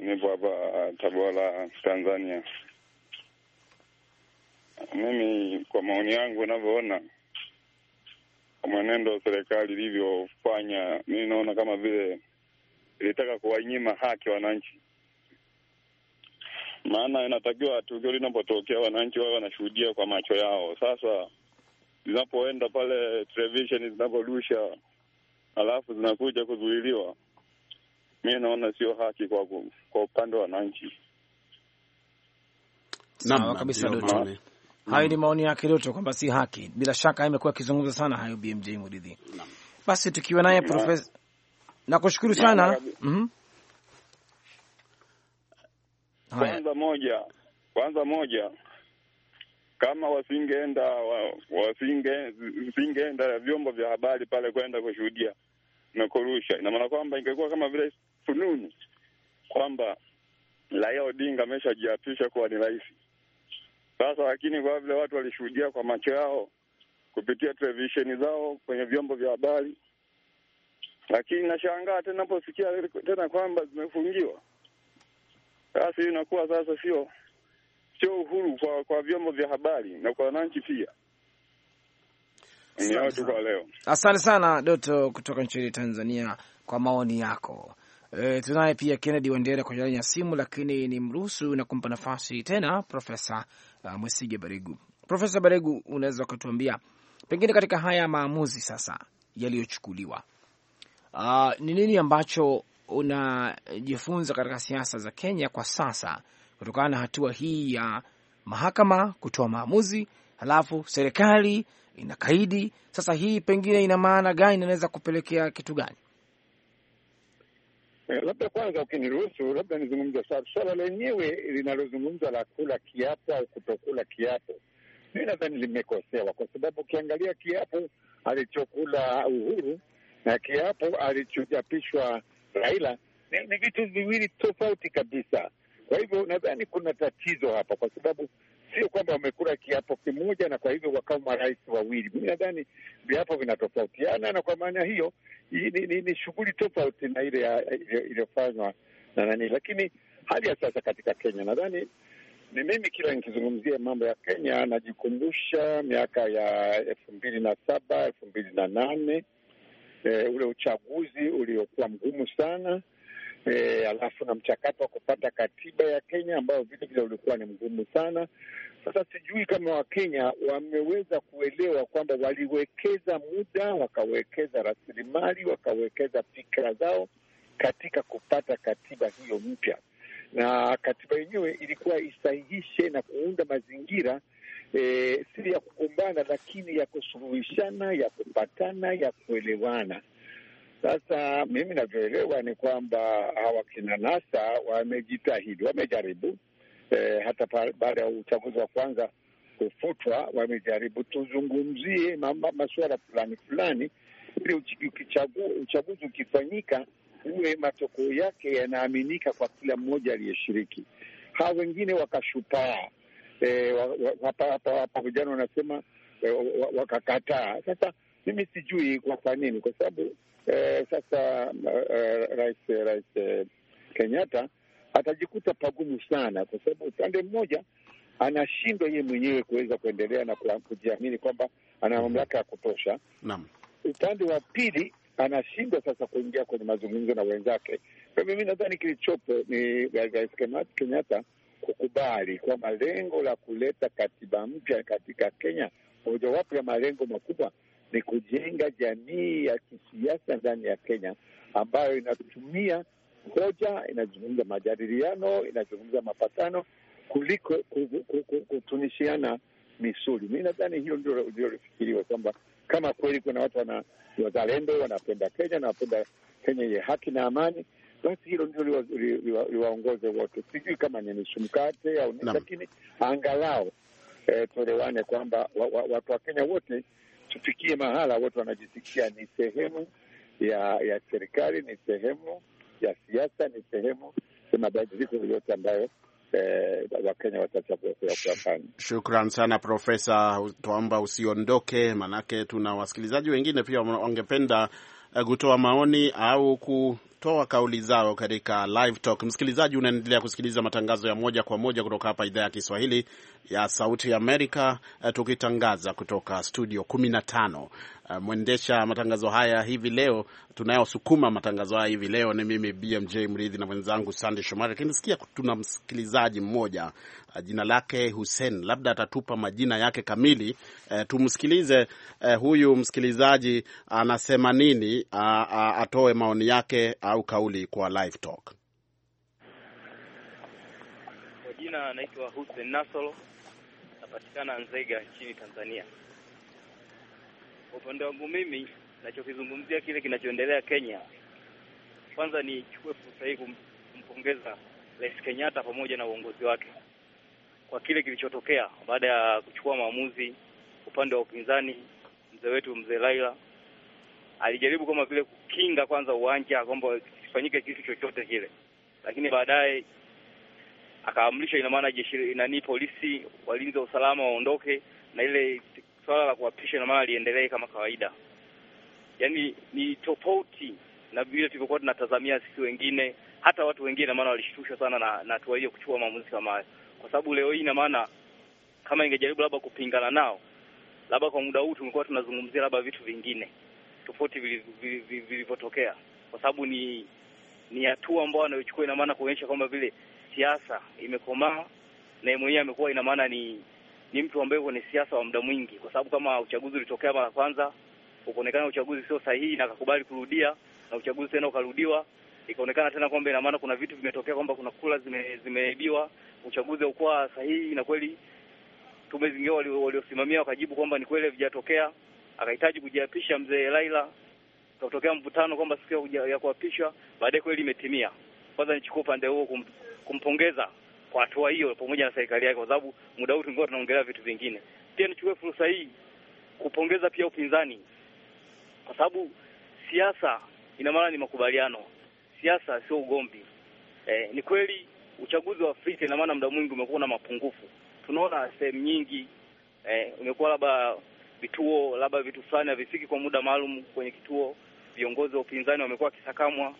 Nipo hapa eh, Tabora, Tanzania. Mimi kwa maoni yangu ninavyoona mwenendo wa serikali ilivyofanya, mi naona kama vile ilitaka kuwanyima haki wananchi, maana inatakiwa tukio linapotokea wananchi wawe wanashuhudia kwa macho yao. Sasa zinapoenda pale televisheni zinaporusha, halafu zinakuja kuzuiliwa, mi naona sio haki kwa, kwa upande wa wananchi. kabisa, Mm. Hayo ni maoni yake Ruto kwamba si haki. Bila shaka amekuwa akizungumza sana hayo BMJ Muridhi. Basi tukiwa naye profesa, nakushukuru sana. Mhm, kwanza moja, kwanza moja, kama wasingeenda wasinge singeenda vyombo vya habari pale kwenda kushuhudia na kurusha, ina maana kwamba ingekuwa kama vile fununu kwamba Raila Odinga ameshajiapisha kuwa ni rais sasa lakini kwa vile watu walishuhudia kwa macho yao kupitia televisheni zao kwenye vyombo vya habari, lakini nashangaa tena naposikia tena kwamba zimefungiwa. Sasa hii inakuwa sasa sio sio uhuru kwa kwa vyombo vya habari na kwa wananchi pia. Asante sana Doto kutoka nchini Tanzania kwa maoni yako. E, tunaye pia Kennedy Wandera kwenye laini ya simu, lakini ni mruhusu na kumpa nafasi tena Profesa uh, Baregu. Profesa Baregu, unaweza ukatuambia pengine katika haya maamuzi sasa yaliyochukuliwa, ah, ni uh, nini ambacho unajifunza katika siasa za Kenya kwa sasa kutokana na hatua hii ya mahakama kutoa maamuzi, halafu serikali inakaidi. Sasa hii pengine ina maana gani? Inaweza kupelekea kitu gani? Eh, labda kwanza ukiniruhusu, labda nizungumze swala lenyewe linalozungumzwa la kula kiapo au kutokula kiapo. Mi nadhani limekosewa kwa sababu ukiangalia kiapo alichokula Uhuru na kiapo alichochapishwa Raila ni vitu viwili tofauti kabisa. Kwa hivyo nadhani kuna tatizo hapa, kwa sababu sio kwamba wamekula kiapo kimoja na kwa hivyo wakawa marais wawili. Mi nadhani viapo vinatofautiana, na kwa maana hiyo ni, ni, ni shughuli tofauti na ile iliyofanywa na nani. Lakini hali ya sasa katika Kenya nadhani ni mimi, kila nikizungumzia mambo ya Kenya najikumbusha miaka ya elfu mbili na saba elfu mbili na nane e, ule uchaguzi uliokuwa mgumu sana e, alafu na mchakato wa kupata katiba ya Kenya ambayo vile vile ulikuwa ni mgumu sana. Sasa sijui kama Wakenya wameweza kuelewa kwamba waliwekeza muda, wakawekeza rasilimali, wakawekeza fikra zao katika kupata katiba hiyo mpya, na katiba yenyewe ilikuwa isahihishe na kuunda mazingira e, si ya kugombana, lakini ya kusuluhishana, ya kupatana, ya kuelewana. Sasa mimi navyoelewa ni kwamba hawa kina NASA wamejitahidi, wamejaribu e, hata baada ya uchaguzi wa kwanza kufutwa, wamejaribu tuzungumzie masuala fulani fulani, ili uchaguzi ukifanyika uwe matokeo yake yanaaminika kwa kila mmoja aliyeshiriki. Hawa wengine wakashupaa, e, eh, hapa vijana wanasema eh, wakakataa. Sasa mimi sijui kwa nini, kwa sababu eh, sasa e, rais rais eh, Kenyatta atajikuta pagumu sana, kwa sababu upande mmoja anashindwa yeye mwenyewe kuweza kuendelea na kujiamini kwamba ana mamlaka ya kutosha. Naam, upande wa pili anashindwa sasa kuingia kwenye mazungumzo na wenzake. Kwa hivyo mi nadhani kilichopo ni rais Kenyatta kukubali kwamba lengo la kuleta katiba mpya katika Kenya, mojawapo ya malengo makubwa ni kujenga jamii ya kisiasa ndani ya Kenya ambayo inatumia hoja, inazungumza majadiliano, inazungumza mapatano kuliko kutunishiana misuli. Mi nadhani hiyo ndio lilofikiriwa kwamba kama kweli kuna watu wana wazalendo wanapenda Kenya na wanapenda Kenya yenye haki na amani, basi hilo ndio liwaongoze wote. Sijui kama ni nusu mkate au nini, lakini angalau eh, tuelewane kwamba watu wa, wa, wa Kenya wote tufikie mahala watu wanajisikia ni sehemu ya ya serikali, ni sehemu ya siasa, ni sehemu ya mabadiliko yoyote ambayo Eh, Wakenya Shukran sana Profesa, tuomba usiondoke, manake tuna wasikilizaji wengine pia wangependa eh, kutoa maoni au kutoa kauli zao katika live talk. Msikilizaji, unaendelea kusikiliza matangazo ya moja kwa moja kutoka hapa idhaa ya Kiswahili ya Sauti ya Amerika eh, tukitangaza kutoka studio 15. Eh, mwendesha matangazo haya hivi leo, tunayosukuma matangazo haya hivi leo ni mimi BMJ Mridhi na mwenzangu Sande Shomari. Lakini sikia, tuna msikilizaji mmoja eh, jina lake Hussein, labda atatupa majina yake kamili. E, tumsikilize. E, huyu msikilizaji anasema nini? A, a, atoe maoni yake au kauli kwa live talk. jina anaitwa Hussein Nasolo napatikana Nzega nchini Tanzania. Kwa upande wangu mimi nachokizungumzia kile kinachoendelea Kenya, kwanza nichukue fursa hii kumpongeza Rais Kenyatta pamoja na uongozi wake kwa kile kilichotokea baada ya kuchukua maamuzi. Upande wa upinzani, mzee wetu mzee Laila alijaribu kama vile kukinga kwanza uwanja kwamba kifanyike kitu chochote kile, lakini baadaye akaamrisha, ina maana jeshi nani, polisi, walinzi wa usalama waondoke, na ile swala la kuapisha ina maana liendelee kama kawaida. Yani ni tofauti na vile tulivyokuwa tunatazamia sisi wengine, hata watu wengine ina maana walishtushwa sana na na hatua hiyo kuchukua maamuzi kama hayo, kwa sababu leo hii ina maana kama ingejaribu labda kupingana nao, labda kwa muda huu tumekuwa tunazungumzia labda vitu vingine tofauti vilivyotokea, kwa sababu ni ni hatua ambayo anayochukua ina maana kuonyesha kwamba vile siasa imekomaa na yeye mwenyewe amekuwa, ina maana ni ni mtu ambaye kwenye siasa wa muda mwingi, kwa sababu kama uchaguzi ulitokea mara kwanza ukaonekana uchaguzi sio sahihi, na akakubali kurudia, na uchaguzi tena ukarudiwa, ikaonekana tena kwamba ina maana kuna vitu vimetokea, kwamba kuna kula zime, zimeibiwa, uchaguzi haukuwa sahihi, na kweli tume zingine waliosimamia wakajibu kwamba ni kweli havijatokea. Akahitaji kujiapisha mzee Laila, kutokea mvutano kwamba siku ya kuapishwa baadaye kweli imetimia. Kwanza nichukua upande huo kumpongeza kwa hatua hiyo pamoja na serikali yake, kwa sababu muda huu tulikuwa tunaongelea vitu vingine. Pia nichukue fursa hii kupongeza pia upinzani, kwa sababu siasa ina maana ni makubaliano, siasa sio ugomvi. Eh, ni kweli uchaguzi wa Afrika ina maana muda mwingi umekuwa na mapungufu, tunaona sehemu nyingi eh, umekuwa labda vituo labda vitu fulani havifiki kwa muda maalum kwenye kituo, viongozi wa upinzani wamekuwa wakisakamwa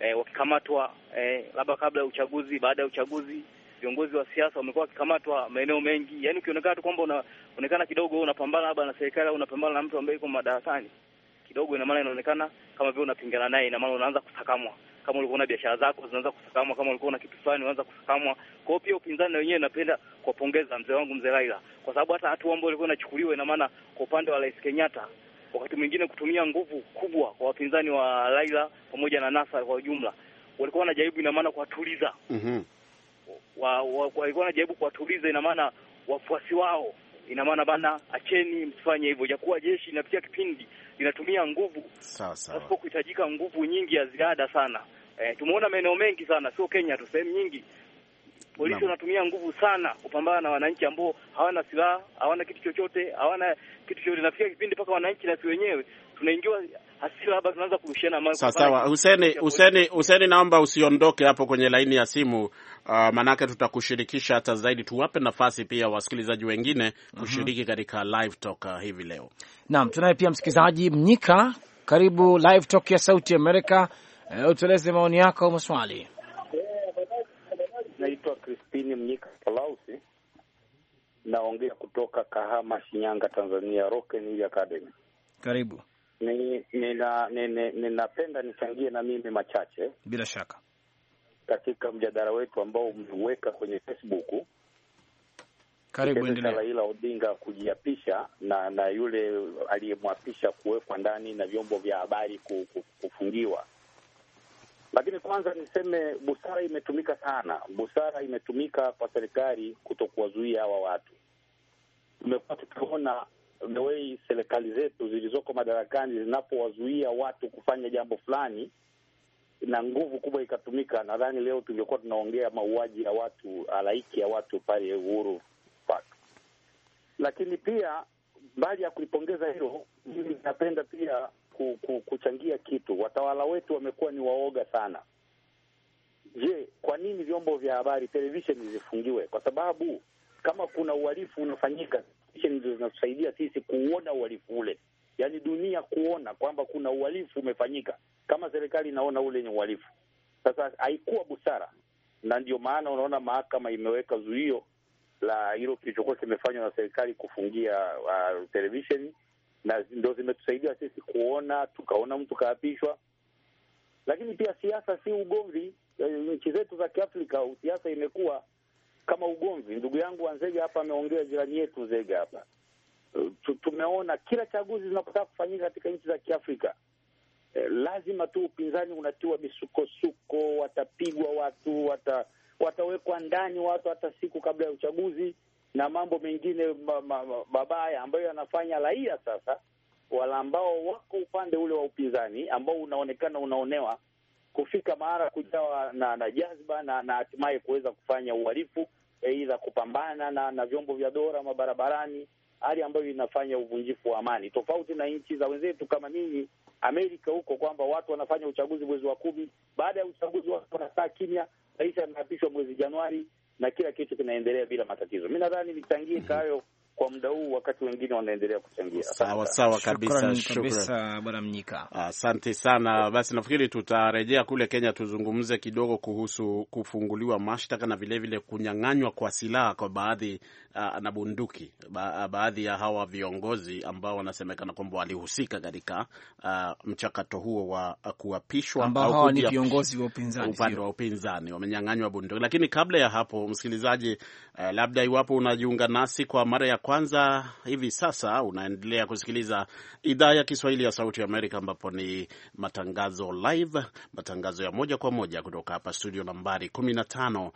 eh, wakikamatwa eh, labda kabla ya uchaguzi, baada ya uchaguzi. Viongozi wa siasa wamekuwa wakikamatwa maeneo mengi, yaani ukionekana tu kwamba unaonekana kidogo unapambana labda na serikali au unapambana na mtu ambaye yuko madarakani kidogo, ina maana inaonekana kama vile unapingana naye, ina maana unaanza kusakamwa kama ulikuwa na biashara zako zinaanza kusakamwa, kama ulikuwa na kitu fulani unaanza kusakamwa. Kwa hiyo pia upinzani na wenyewe napenda kuwapongeza mzee wangu mzee Raila, kwa sababu hata hatua ambayo ilikuwa inachukuliwa, ina maana kwa upande wa Rais Kenyatta wakati mwingine kutumia nguvu kubwa kwa wapinzani wa Laila pamoja na nasa kwa ujumla. Walikuwa wanajaribu ina maana kuwatuliza, mm-hmm. wanajaribu kuwatuliza, ina maana wafuasi wao, ina maana bana, acheni msifanye hivyo, jakuwa jeshi linapitia kipindi linatumia nguvu pasipo kuhitajika nguvu nyingi ya ziada sana. E, tumeona maeneo mengi sana, sio Kenya tu, sehemu nyingi Polisi wanatumia nguvu sana kupambana na wananchi ambao hawana silaha, hawana kitu chochote, hawana kitu chochote. Nafikia kipindi mpaka wananchi si wenyewe tunaingiwa hasira, tunaanza kurushiana Sawa sawa, Huseni, Huseni, Huseni, naomba usiondoke hapo kwenye laini ya simu, uh, ah, maanake tutakushirikisha hata zaidi. Tuwape nafasi pia wasikilizaji wengine mhm. kushiriki mm -hmm. katika live talk uh, hivi leo. Naam, tunaye pia msikilizaji Mnyika, karibu live talk ya Sauti Amerika. Uh, utueleze maoni yako au maswali. Kusini, Mnyika Palausi, Naongea kutoka Kahama, Shinyanga, Tanzania, Rock and Roll Academy. Karibu. Ni ninapenda ni, ni, nina nichangie na mimi machache, bila shaka, katika mjadala wetu ambao umeweka kwenye Facebook. Karibu, endelea. Raila Odinga kujiapisha na na yule aliyemwapisha kuwekwa ndani na vyombo vya habari kufungiwa lakini kwanza niseme busara imetumika sana, busara imetumika kwa serikali kutokuwazuia hawa watu. Tumekuwa tukiona the way serikali zetu zilizoko madarakani zinapowazuia watu kufanya jambo fulani na nguvu kubwa ikatumika, nadhani leo tungekuwa tunaongea mauaji ya watu halaiki ya watu pale Uhuru Park. Lakini pia mbali ya kulipongeza hilo, mimi napenda pia ku, ku, kuchangia kitu. Watawala wetu wamekuwa ni waoga sana. Je, kwa nini vyombo vya habari televisheni zifungiwe? Kwa sababu kama kuna uhalifu unafanyika, televisheni ndio zinatusaidia sisi kuuona uhalifu ule, yaani dunia kuona kwamba kuna uhalifu umefanyika, kama serikali inaona ule ni uhalifu. Sasa haikuwa busara, na ndio maana unaona mahakama imeweka zuio la hilo kilichokuwa kimefanywa na serikali kufungia uh, televisheni na ndo zimetusaidia sisi kuona, tukaona mtu kaapishwa. Lakini pia siasa si ugomvi. Eh, nchi zetu za Kiafrika siasa imekuwa kama ugomvi. Ndugu yangu Wanzega hapa ameongea, jirani yetu Nzega hapa eh, tumeona kila chaguzi zinapotaka kufanyika katika nchi za Kiafrika e, lazima tu upinzani unatiwa misukosuko, watapigwa watu, wata watawekwa ndani watu hata siku kabla ya uchaguzi na mambo mengine mabaya ambayo yanafanya raia sasa, wala ambao wako upande ule wa upinzani ambao unaonekana unaonewa, kufika mahara kujawa na, na jazba na na hatimaye kuweza kufanya uhalifu, aidha kupambana na, na vyombo vya dola mabarabarani, hali ambayo inafanya uvunjifu wa amani, tofauti na nchi za wenzetu kama ninyi Amerika huko, kwamba watu wanafanya uchaguzi mwezi wa kumi, baada ya uchaguzi watu wanakaa kimya, rais anaapishwa mwezi Januari na kila kitu kinaendelea bila matatizo. Mi nadhani nichangie kayo kwa muda huu, wakati wengine wanaendelea kuchangia. Sawa sawa kabisa, kabisa bwana Mnyika, asante sana. Basi nafikiri tutarejea kule Kenya, tuzungumze kidogo kuhusu kufunguliwa mashtaka na vilevile kunyang'anywa kwa silaha kwa baadhi uh, na bunduki ba, baadhi ya hawa viongozi ambao wanasemekana kwamba walihusika katika uh, mchakato huo wa kuapishwa, au hawa ni viongozi wa upinzani, upande wa upinzani wamenyang'anywa bunduki. Lakini kabla ya hapo, msikilizaji, uh, labda iwapo unajiunga nasi kwa mara ya kwanza hivi sasa unaendelea kusikiliza idhaa ya Kiswahili ya Sauti ya Amerika, ambapo ni matangazo live, matangazo ya moja kwa moja kutoka hapa studio nambari 15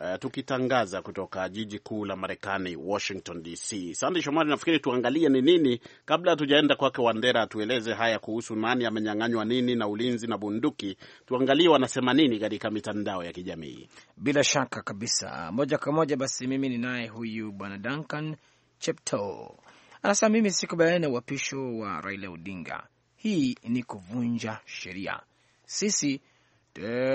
Uh, eh, tukitangaza kutoka jiji kuu la Marekani, Washington DC. Sandi Shomari, nafikiri tuangalie ni nini kabla hatujaenda kwake. Wandera atueleze haya kuhusu nani amenyang'anywa nini na ulinzi na bunduki. Tuangalie wanasema nini katika mitandao ya kijamii. Bila shaka kabisa, moja kwa moja. Basi mimi ninaye huyu bwana Duncan Chepto anasema mimi sikubaliani na uhapisho wa Raila Odinga. Hii ni kuvunja sheria. Sisi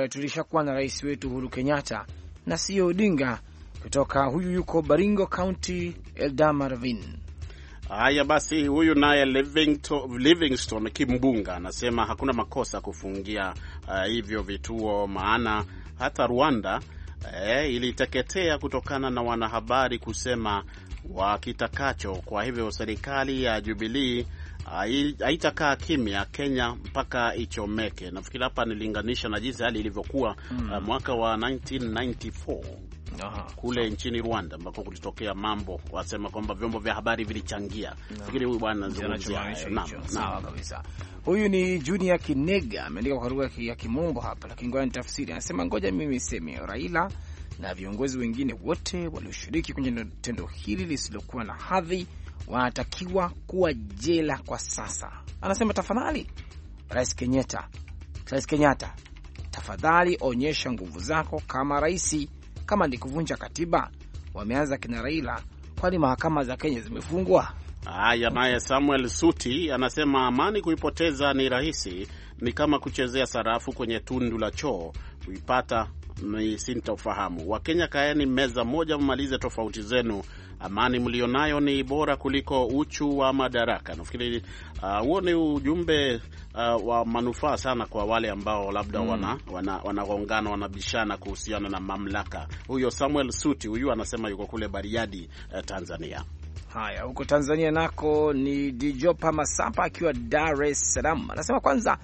tulishakuwa na rais wetu Uhuru Kenyatta na sio Odinga. Kutoka huyu yuko Baringo County, Eldama Ravine. Haya basi, huyu naye Livingston Kimbunga anasema hakuna makosa kufungia uh, hivyo vituo, maana hata Rwanda eh, iliteketea kutokana na wanahabari kusema wa kitakacho. Kwa hivyo serikali ya Jubilii haitakaa kimya Kenya mpaka ichomeke. Nafikiri hapa nilinganisha na jinsi hali ilivyokuwa hmm, uh, mwaka wa 1994 Aha. kule nchini Rwanda ambako kulitokea mambo, wasema kwamba vyombo vya habari vilichangia. Fikiri huyu bwana Sawa kabisa, huyu ni Junior Kinega, ameandika kwa lugha ya Kimombo hapa, lakini ngoja nitafsiri. Anasema ngoja mimi seme Raila na viongozi wengine wote walioshiriki kwenye tendo hili lisilokuwa na hadhi wanatakiwa kuwa jela kwa sasa, anasema. Tafadhali Rais Kenyatta, Rais Kenyatta, tafadhali onyesha nguvu zako kama raisi. Kama ni kuvunja katiba, wameanza kina Raila, kwani mahakama za Kenya zimefungwa? Haya, naye Samuel Suti anasema amani kuipoteza ni rahisi, ni kama kuchezea sarafu kwenye tundu la choo, kuipata sintofahamu. Wakenya, kaeni meza moja, mmalize tofauti zenu. Amani mlionayo ni bora kuliko uchu wa madaraka. Nafikiri uh, huo uh, ni ujumbe uh, wa manufaa sana kwa wale ambao labda mm, wanagongana wana, wana wanabishana kuhusiana na mamlaka. Huyo Samuel Suti huyu anasema yuko kule Bariadi, uh, Tanzania. Haya, huko Tanzania nako ni Dijopa Masapa akiwa Dar es Salaam, anasema kwanza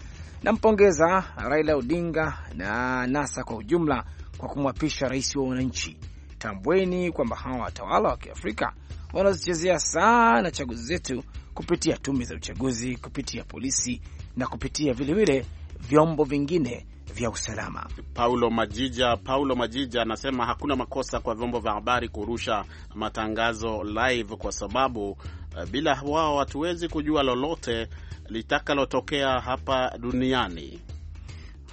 nampongeza Raila Odinga na NASA kwa ujumla kwa kumwapisha rais wa wananchi. Tambweni kwamba hawa watawala wa Kiafrika wanazichezea sana chaguzi zetu kupitia tume za uchaguzi, kupitia polisi na kupitia vilevile vyombo vingine vya usalama. Paulo Majija, Paulo Majija anasema hakuna makosa kwa vyombo vya habari kurusha matangazo live kwa sababu eh, bila wao hatuwezi kujua lolote litakalotokea hapa duniani.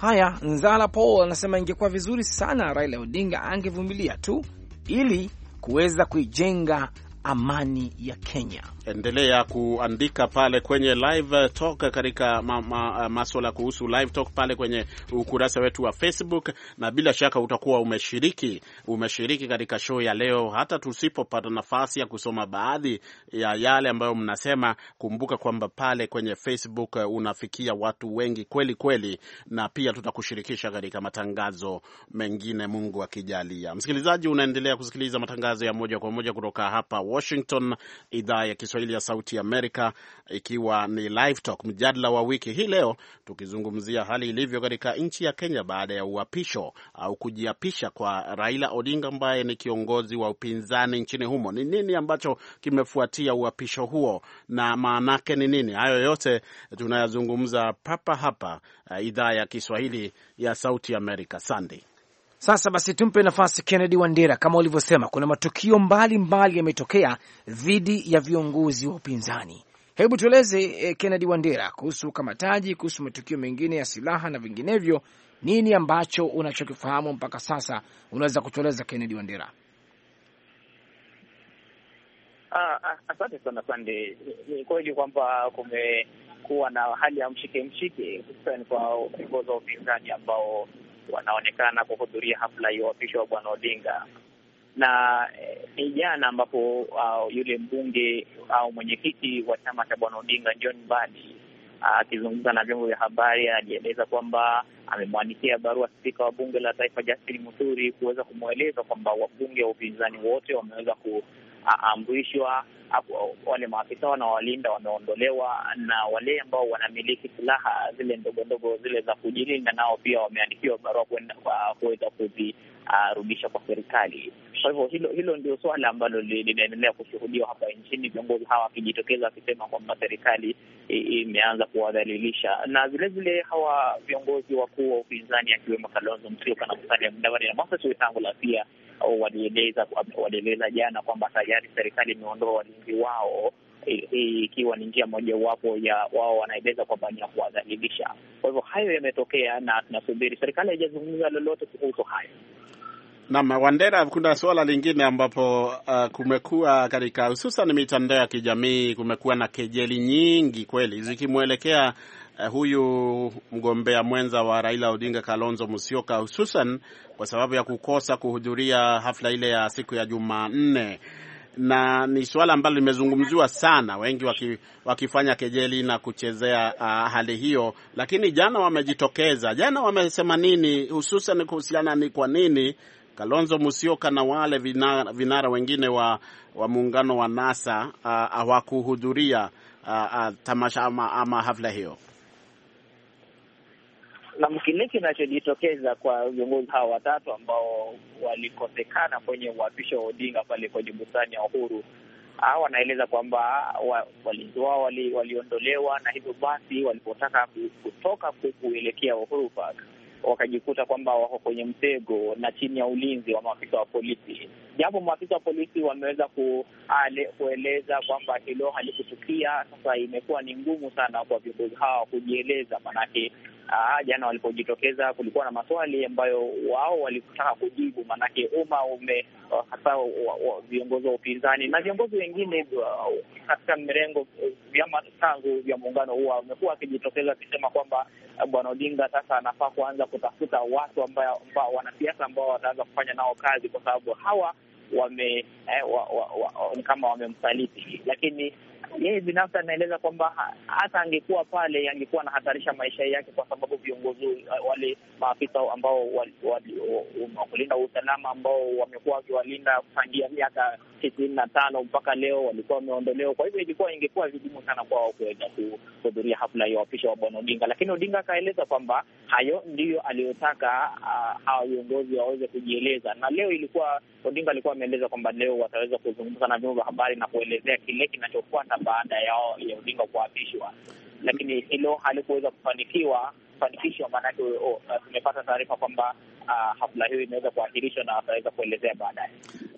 Haya, Nzala Paul anasema ingekuwa vizuri sana Raila Odinga angevumilia tu ili kuweza kuijenga amani ya Kenya. Endelea kuandika pale kwenye live talk katika ma, ma, eh, maswala kuhusu live talk pale kwenye ukurasa wetu wa Facebook, na bila shaka utakuwa umeshiriki umeshiriki katika show ya leo. Hata tusipopata nafasi ya kusoma baadhi ya yale ambayo mnasema, kumbuka kwamba pale kwenye Facebook eh, unafikia watu wengi kweli kweli, na pia tutakushirikisha katika matangazo mengine, Mungu akijalia. Msikilizaji, unaendelea kusikiliza matangazo ya moja kwa moja kutoka hapa Washington, idhaa ya Kiswahili ya Sauti Amerika, ikiwa ni Live Talk, mjadala wa wiki hii, leo tukizungumzia hali ilivyo katika nchi ya Kenya baada ya uapisho au kujiapisha kwa Raila Odinga ambaye ni kiongozi wa upinzani nchini humo. Ni nini ambacho kimefuatia uapisho huo na maanake ni nini? Hayo yote tunayazungumza papa hapa, eh, idhaa ya Kiswahili ya Sauti Amerika. Sande. Sasa basi tumpe nafasi Kennedy Wandera. Kama ulivyosema, kuna matukio mbalimbali yametokea dhidi ya viongozi wa upinzani. Hebu tueleze eh, Kennedy Wandera, kuhusu ukamataji, kuhusu matukio mengine ya silaha na vinginevyo, nini ambacho unachokifahamu mpaka sasa unaweza kutueleza Kennedy Wandera? Ah, ah, asante sana Sande. Ni kweli kwamba kumekuwa na hali ya mshike mshike, hususani kwa viongozi wa upinzani ambao wanaonekana kuhudhuria hafla ya uapisho wa bwana Odinga na eh, ni eh, jana ambapo uh, yule mbunge au uh, mwenyekiti wa chama cha bwana Odinga John Mbadi uh, akizungumza uh, na vyombo vya habari alieleza kwamba amemwandikia barua spika wa bunge la taifa Justin Muturi kuweza kumweleza kwamba wabunge wa upinzani wote wameweza kuamrishwa uh, wale maafisa wanawalinda wameondolewa, na wale ambao wanamiliki silaha zile ndogo ndogo zile za kujilinda nao pia wameandikiwa barua kuweza kuzi arudisha kwa serikali. Kwa hivyo hilo hilo ndio suala ambalo linaendelea kushuhudiwa hapa nchini, viongozi hawa wakijitokeza wakisema kwamba serikali imeanza kuwadhalilisha, na vilevile hawa viongozi wakuu wa upinzani akiwemo Kalonzo Musyoka na Musalia Mudavadi na Moses Wetangula pia walieleza walieleza jana kwamba tayari serikali imeondoa walinzi wao hii ikiwa ni njia mojawapo ya wao wanaeleza kwamba ni ya kuwadhalilisha. Kwa hivyo hayo yametokea, na tunasubiri serikali haijazungumza lolote kuhusu hayo. Naam, Wandera, kuna suala lingine ambapo uh, kumekuwa katika hususan mitandao ya kijamii kumekuwa na kejeli nyingi kweli zikimwelekea uh, huyu mgombea mwenza wa Raila Odinga Kalonzo Musyoka, hususan kwa sababu ya kukosa kuhudhuria hafla ile ya siku ya Jumanne, na ni suala ambalo limezungumziwa sana, wengi waki, wakifanya kejeli na kuchezea uh, hali hiyo. Lakini jana wamejitokeza, jana wamesema nini, hususan kuhusiana ni kwa nini Kalonzo Musyoka na wale vinara, vinara wengine wa, wa muungano wa NASA hawakuhudhuria tamasha ama, ama hafla hiyo. Na kile kinachojitokeza kwa viongozi hawa watatu ambao walikosekana kwenye uhapisho wa Odinga pale kwenye bustani ya Uhuru, wanaeleza kwamba walinzi wao waliondolewa, na hivyo basi walipotaka kutoka kuelekea Uhuru Park wakajikuta kwamba wako kwenye mtego na chini ya ulinzi wa maafisa wa polisi, japo maafisa wa polisi wameweza kueleza kwamba hilo halikutukia. Sasa imekuwa ni ngumu sana kwa viongozi hawa kujieleza, maanake Aa, ah, jana walipojitokeza kulikuwa na maswali ambayo wao walitaka kujibu, maanake umma ume uh, hasa viongozi wa upinzani na viongozi wengine uh, katika mrengo uh, vyama tangu vya muungano huo wamekuwa wakijitokeza wakisema kwamba bwana Odinga sasa anafaa kuanza kutafuta watu ambao wanasiasa ambao wataanza kufanya nao kazi, kwa sababu hawa wame eh, wa, wa, wa, kama wamemsaliti, lakini yeye binafsi anaeleza kwamba hata angekuwa pale angekuwa anahatarisha maisha yake, kwa sababu viongozi wale maafisa ambao wa kulinda usalama ambao wamekuwa wakiwalinda tangia miaka tisini na tano mpaka leo walikuwa wameondolewa. Kwa hivyo ilikuwa ingekuwa vigumu sana kwao kuweza kuhudhuria hafla ya wapisha wa bwana Odinga, lakini Odinga akaeleza kwamba hayo ndiyo aliyotaka hawa viongozi waweze kujieleza, na leo ilikuwa Odinga alikuwa ameeleza kwamba leo wataweza kuzungumza na vyombo vya habari na kuelezea kile kinachofuata baada yao ya Odinga kuapishwa, lakini hilo halikuweza kufanikiwa kufanikishwa, maanake oh, tumepata taarifa kwamba Ah, hafla hiyo imeweza kuahirishwa na wataweza kuelezea baadaye.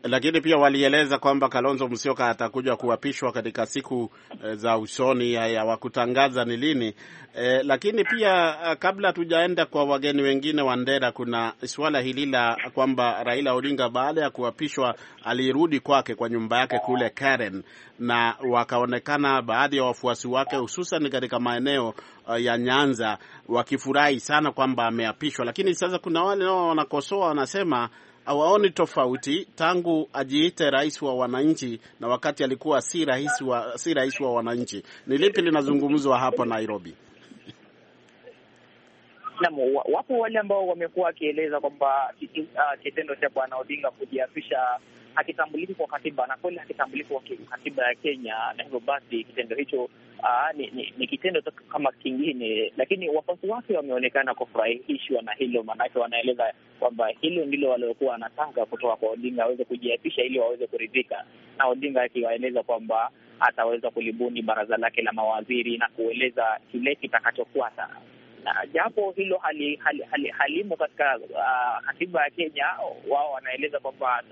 Lakini pia walieleza kwamba Kalonzo Musyoka atakuja kuapishwa katika siku eh, za usoni, hawakutangaza ni lini E, lakini pia eh, kabla tujaenda kwa wageni wengine wa Ndera, kuna suala hili la kwamba Raila Odinga baada ya kuapishwa alirudi kwake kwa nyumba yake kule Karen, na wakaonekana baadhi ya wafuasi wake hususan katika maeneo ya Nyanza wakifurahi sana kwamba ameapishwa, lakini sasa kuna wale nao ambao wanakosoa wanasema hawaoni tofauti tangu ajiite rais wa wananchi na wakati alikuwa si rais wa, si rais wa wananchi. Ni lipi linazungumzwa hapo Nairobi? Naam, wapo wale ambao wamekuwa wakieleza kwamba uh, kitendo uh, cha Bwana Odinga kujiapisha hakitambuliki kwa katiba, na kweli hakitambuliki kwa katiba ya Kenya, na hivyo basi kitendo hicho aa, ah, ni, ni, ni kitendo kama kingine, lakini wafuasi wake wameonekana kufurahishwa na hilo, maanake wanaeleza kwamba hilo ndilo waliokuwa wanataka kutoka kwa Odinga aweze kujiapisha ili waweze kuridhika, na Odinga akiwaeleza kwamba ataweza kulibuni baraza lake la mawaziri na kueleza kile kitakachofuata na japo hilo halimo hali, hali, hali katika uh, katiba ya Kenya, wao wanaeleza kwamba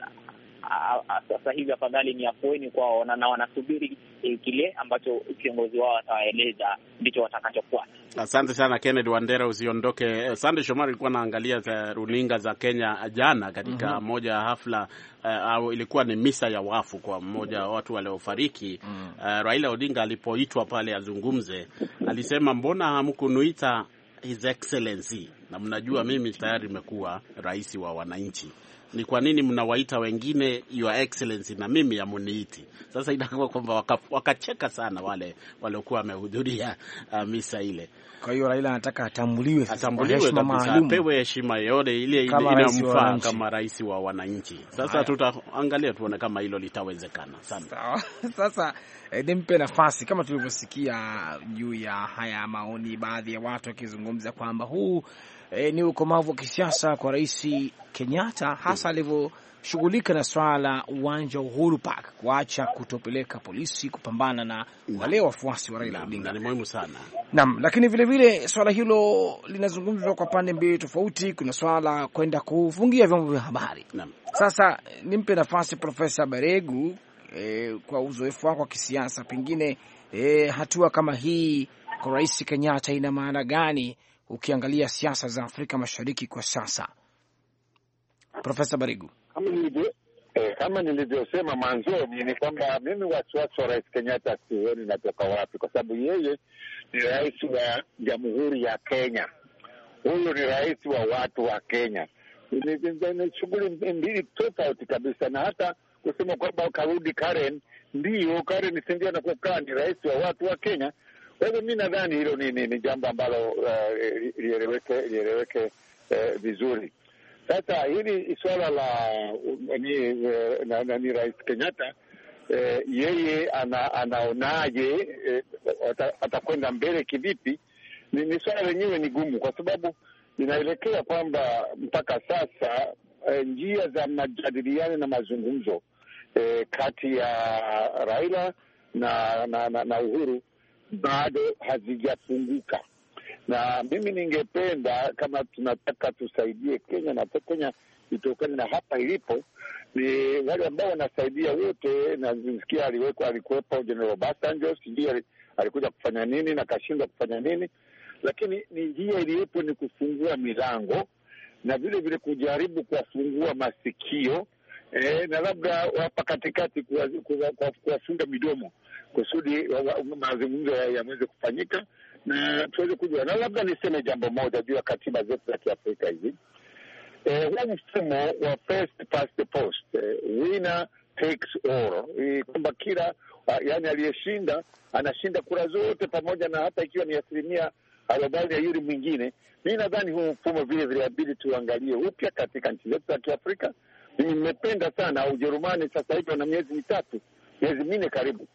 sasa hivi afadhali ni afueni kwao, na wanasubiri eh, kile ambacho kiongozi wao atawaeleza ndicho watakachofuata. Asante sana Kenneth Wandera, usiondoke. Eh, Sande Shomari ilikuwa naangalia za runinga za Kenya jana katika mm -hmm. moja ya hafla uh, au ilikuwa ni misa ya wafu kwa mmoja wa watu waliofariki mm -hmm. uh, Raila Odinga alipoitwa pale azungumze, alisema mbona hamkunuita His Excellency, na mnajua mm. mimi tayari nimekuwa rais wa wananchi ni kwa nini mnawaita wengine your excellency na mimi amuniiti? Sasa inakuwa kwamba waka, wakacheka sana wale waliokuwa wamehudhuria uh, misa ile. Kwa hiyo Raila anataka atambuliwe, atambuliwe apewe heshima yote ile inamfaa kama rais wa wananchi. Sasa tutaangalia tuone kama hilo litawezekana sana. Sasa eh, nimpe nafasi, kama tulivyosikia juu ya haya maoni, baadhi ya watu wakizungumza kwamba huu e, ni ukomavu wa kisiasa kwa Rais Kenyatta hasa mm. alivyoshughulika na swala la uwanja wa Uhuru Park, kuacha kutopeleka polisi kupambana na wale wafuasi wa Raila Odinga. Ni muhimu sana naam, lakini vilevile swala hilo linazungumzwa kwa pande mbili tofauti. Kuna swala la kwenda kufungia vyombo vya habari. Sasa nimpe nafasi Profesa Baregu e, kwa uzoefu wako wa kisiasa pengine e, hatua kama hii kwa Rais Kenyatta ina maana gani ukiangalia siasa za Afrika Mashariki kwa sasa, Profesa Barigu? Kama eh, nilivyosema mwanzoni ni kwamba mimi wasiwasi wa Rais Kenyatta sioni natoka wapi, kwa sababu yeye ni rais wa jamhuri ya Kenya. Huyu ni rais wa watu wa Kenya. Ni shughuli mbili tofauti kabisa, na hata kusema kwamba karudi Karen, ndiyo Karen sindio anakokaa ni rais wa watu wa Kenya, kwa hivyo mi nadhani hilo ni, ni, ni jambo ambalo uh, lieleweke lieleweke uh, vizuri. Sasa hili suala la nani eh, na, na, na, Rais Kenyatta uh, yeye ana, anaonaje uh, atakwenda mbele kivipi? Ni, ni suala lenyewe ni gumu kwa sababu inaelekea kwamba mpaka sasa uh, njia za majadiliano na mazungumzo uh, kati ya Raila na, na, na, na Uhuru bado hazijafunguka, na mimi ningependa kama tunataka tusaidie Kenya na Kenya itokane na hapa ilipo, ni wale ambao wanasaidia wote. nasikia aliwekwa alikuwepo General Obasanjo, sijui alikuja kufanya nini na kashindwa kufanya nini, lakini ni njia iliyopo ni kufungua milango na vile vile kujaribu kuwafungua masikio e, na labda hapa katikati kuwafunga midomo kusudi mazungumzo yaweze kufanyika na tuweze kujua. Na labda niseme jambo moja juu ya katiba zetu za Kiafrika hizi. Eh, huu mfumo wa first past the post, eh, winner takes all, eh, kwamba kila ah, yani aliyeshinda anashinda kura zote pamoja na hata ikiwa ni asilimia arobaini ya yule mwingine. Mi nadhani huu mfumo vile vile abidi tuangalie upya katika nchi zetu za Kiafrika. Nimependa sana Ujerumani, sasa hivi na miezi mitatu miezi minne karibu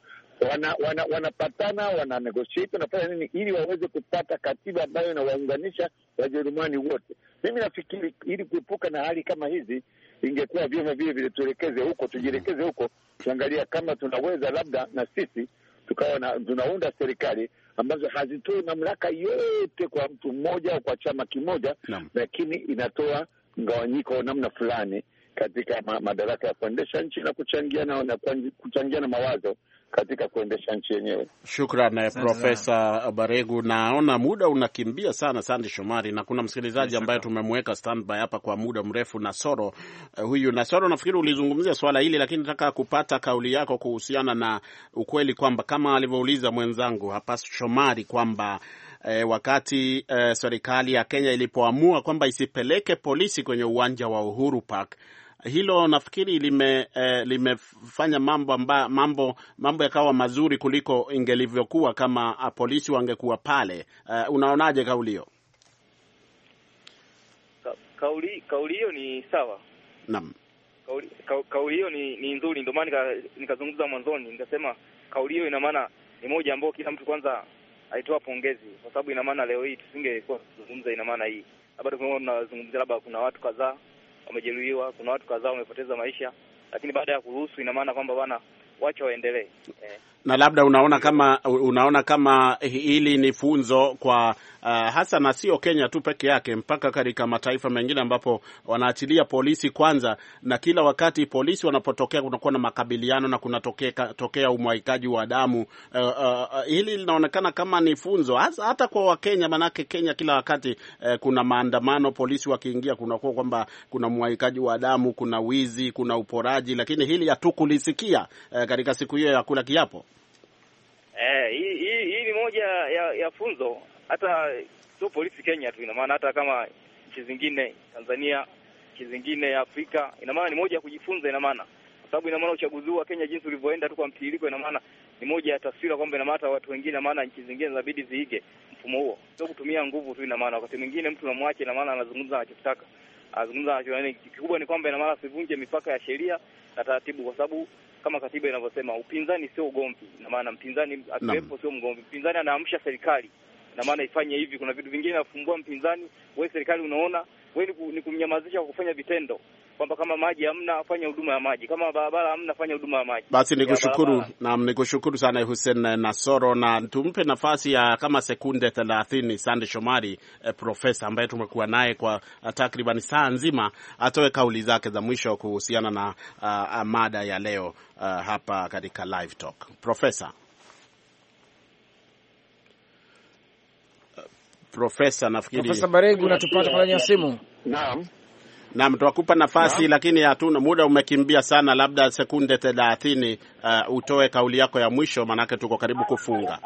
wanapatana wana, wana wananegotiate wanafanya nini ili waweze kupata katiba ambayo inawaunganisha Wajerumani wote. Mimi nafikiri ili kuepuka na hali kama hizi, ingekuwa vyema vile vile tuelekeze huko, tujielekeze huko, tuangalia kama tunaweza labda na sisi tukawa na, tunaunda serikali ambazo hazitoi mamlaka yote kwa mtu mmoja au kwa chama kimoja no. Lakini inatoa mgawanyiko namna fulani katika ma, madaraka ya kuendesha nchi na kuchangia na na mawazo katika kuendesha nchi yenyewe. Shukran eh, Profesa Baregu, naona muda unakimbia sana. sandi Shomari, na kuna msikilizaji ambaye tumemweka standby hapa kwa muda mrefu, Nasoro eh, huyu. Nasoro, nafikiri ulizungumzia swala hili, lakini nataka kupata kauli yako kuhusiana na ukweli kwamba kama alivyouliza mwenzangu hapa Shomari kwamba E, wakati e, serikali ya Kenya ilipoamua kwamba isipeleke polisi kwenye uwanja wa Uhuru Park hilo nafikiri lime, eh, limefanya mambo, amba, mambo, mambo yakawa mazuri kuliko ingelivyokuwa kama ah, polisi wangekuwa pale. Eh, unaonaje kauli hiyo? Ka, kauli kauli hiyo ni sawa. Naam, kauli ka, kauli hiyo ni, ni nzuri, ndio maana nikazungumza mwanzoni nikasema kauli hiyo ina maana ni moja ambayo kila mtu kwanza alitoa pongezi kwa sababu ina maana leo hii tusingekuwa tuzungumza, ina maana hii labda tunazungumzia labda kuna watu kadhaa wamejeruhiwa, kuna watu kadhaa wamepoteza maisha, lakini baada ya kuruhusu, ina maana kwamba bwana, wacha waendelee eh na labda unaona kama unaona kama hili ni funzo kwa uh, hasa na sio Kenya tu peke yake, mpaka katika mataifa mengine ambapo wanaachilia polisi kwanza, na kila wakati polisi wanapotokea kunakuwa na makabiliano na kunatokea tokea umwaikaji wa damu uh, uh, uh, hili linaonekana kama ni funzo hasa hata kwa Wakenya, manake Kenya kila wakati uh, kuna maandamano, polisi wakiingia kunakuwa kwamba kuna umwaikaji wa damu, kuna wizi, kuna uporaji, lakini hili hatukulisikia uh, katika siku hiyo ya kula kiapo. Eh, hii ni moja ya, ya funzo hata sio polisi Kenya tu, ina maana hata kama nchi zingine Tanzania, nchi zingine Afrika, ina maana ni moja ya kujifunza, ina maana kwa sababu ina maana uchaguzi huu wa Kenya jinsi ulivyoenda tu kwa mtiririko, ina maana ni moja ya taswira kwamba ina maana watu wengine, ina maana nchi zingine zinabidi ziige mfumo huo, sio kutumia nguvu tu. Ina maana wakati mwingine mtu namwache, ina maana anazungumza anachotaka, anazungumza anachotaka. Kikubwa ni kwamba ina maana sivunje mipaka ya sheria na taratibu, kwa sababu kama katiba inavyosema, upinzani sio ugomvi. Ina maana mpinzani akiwepo sio mgomvi, mpinzani anaamsha serikali, ina maana ifanye hivi. Kuna vitu vingine nafumbua mpinzani, we serikali unaona we ni kumnyamazisha kwa kufanya vitendo kwamba kama maji hamna, fanya huduma ya maji, kama barabara hamna, fanya huduma ya maji. Basi nikushukuru, naam, nikushukuru sana Hussein Nasoro, na tumpe nafasi ya kama sekunde thelathini Sande Shomari, eh, profesa ambaye tumekuwa naye kwa eh, takriban saa nzima, atoe kauli zake za mwisho kuhusiana na uh, mada ya leo uh, hapa katika live talk. Profesa. Profesa nafikiri, Profesa Baregu, unatupata kwa laini ya simu? Naam. Naam, tuwakupa nafasi lakini hatuna muda, umekimbia sana, labda sekunde thelathini. Uh, utoe kauli yako ya mwisho, maanake tuko karibu kufunga.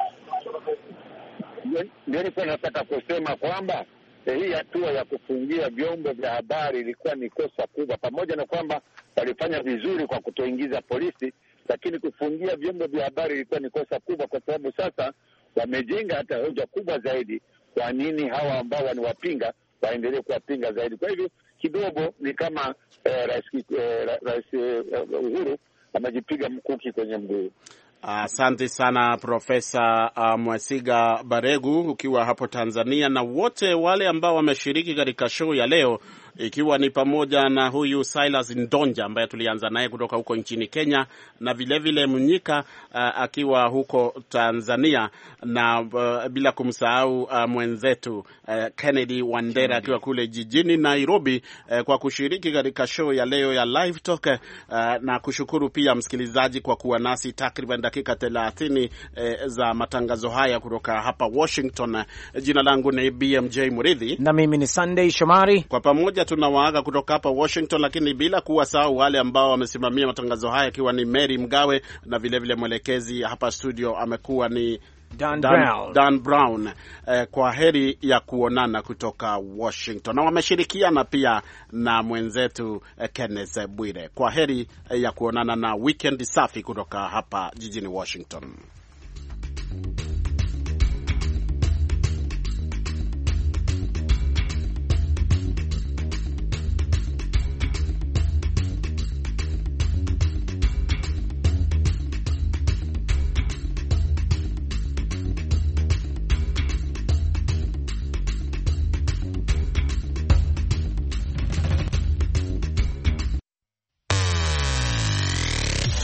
Ndio nilikuwa nataka kusema kwamba eh, hii hatua ya kufungia vyombo vya habari ilikuwa ni kosa kubwa, pamoja na kwamba walifanya vizuri kwa kutoingiza polisi, lakini kufungia vyombo vya habari ilikuwa ni kosa kubwa, kwa sababu sasa wamejenga hata hoja kubwa zaidi kwa nini hawa ambao wanawapinga waendelee kuwapinga zaidi? Kwa hivyo kidogo ni kama eh, rais eh, rais eh, Uhuru amejipiga mkuki kwenye mguu. Asante sana Profesa uh, ah, Mwesiga Baregu ukiwa hapo Tanzania, na wote wale ambao wameshiriki katika show ya leo ikiwa ni pamoja na huyu Silas Ndonja ambaye tulianza naye kutoka huko nchini Kenya na vilevile vile Mnyika uh, akiwa huko Tanzania na uh, bila kumsahau uh, mwenzetu uh, Kennedy Wandera akiwa kule jijini Nairobi uh, kwa kushiriki katika show ya leo ya Live Talk uh, na kushukuru pia msikilizaji kwa kuwa nasi takriban dakika 30 uh, za matangazo haya kutoka hapa Washington. Uh, jina langu ni BMJ Muridhi na mimi ni Sunday Shomari, kwa pamoja tunawaaga kutoka hapa Washington, lakini bila kuwasahau wale ambao wamesimamia matangazo haya, akiwa ni Mary Mgawe na vilevile vile mwelekezi hapa studio amekuwa ni Dan, Dan Brown, Dan Brown. Eh, kwa heri ya kuonana kutoka Washington, na wameshirikiana pia na mwenzetu eh, Kenneth Bwire. Kwa heri eh, ya kuonana na weekend safi kutoka hapa jijini Washington.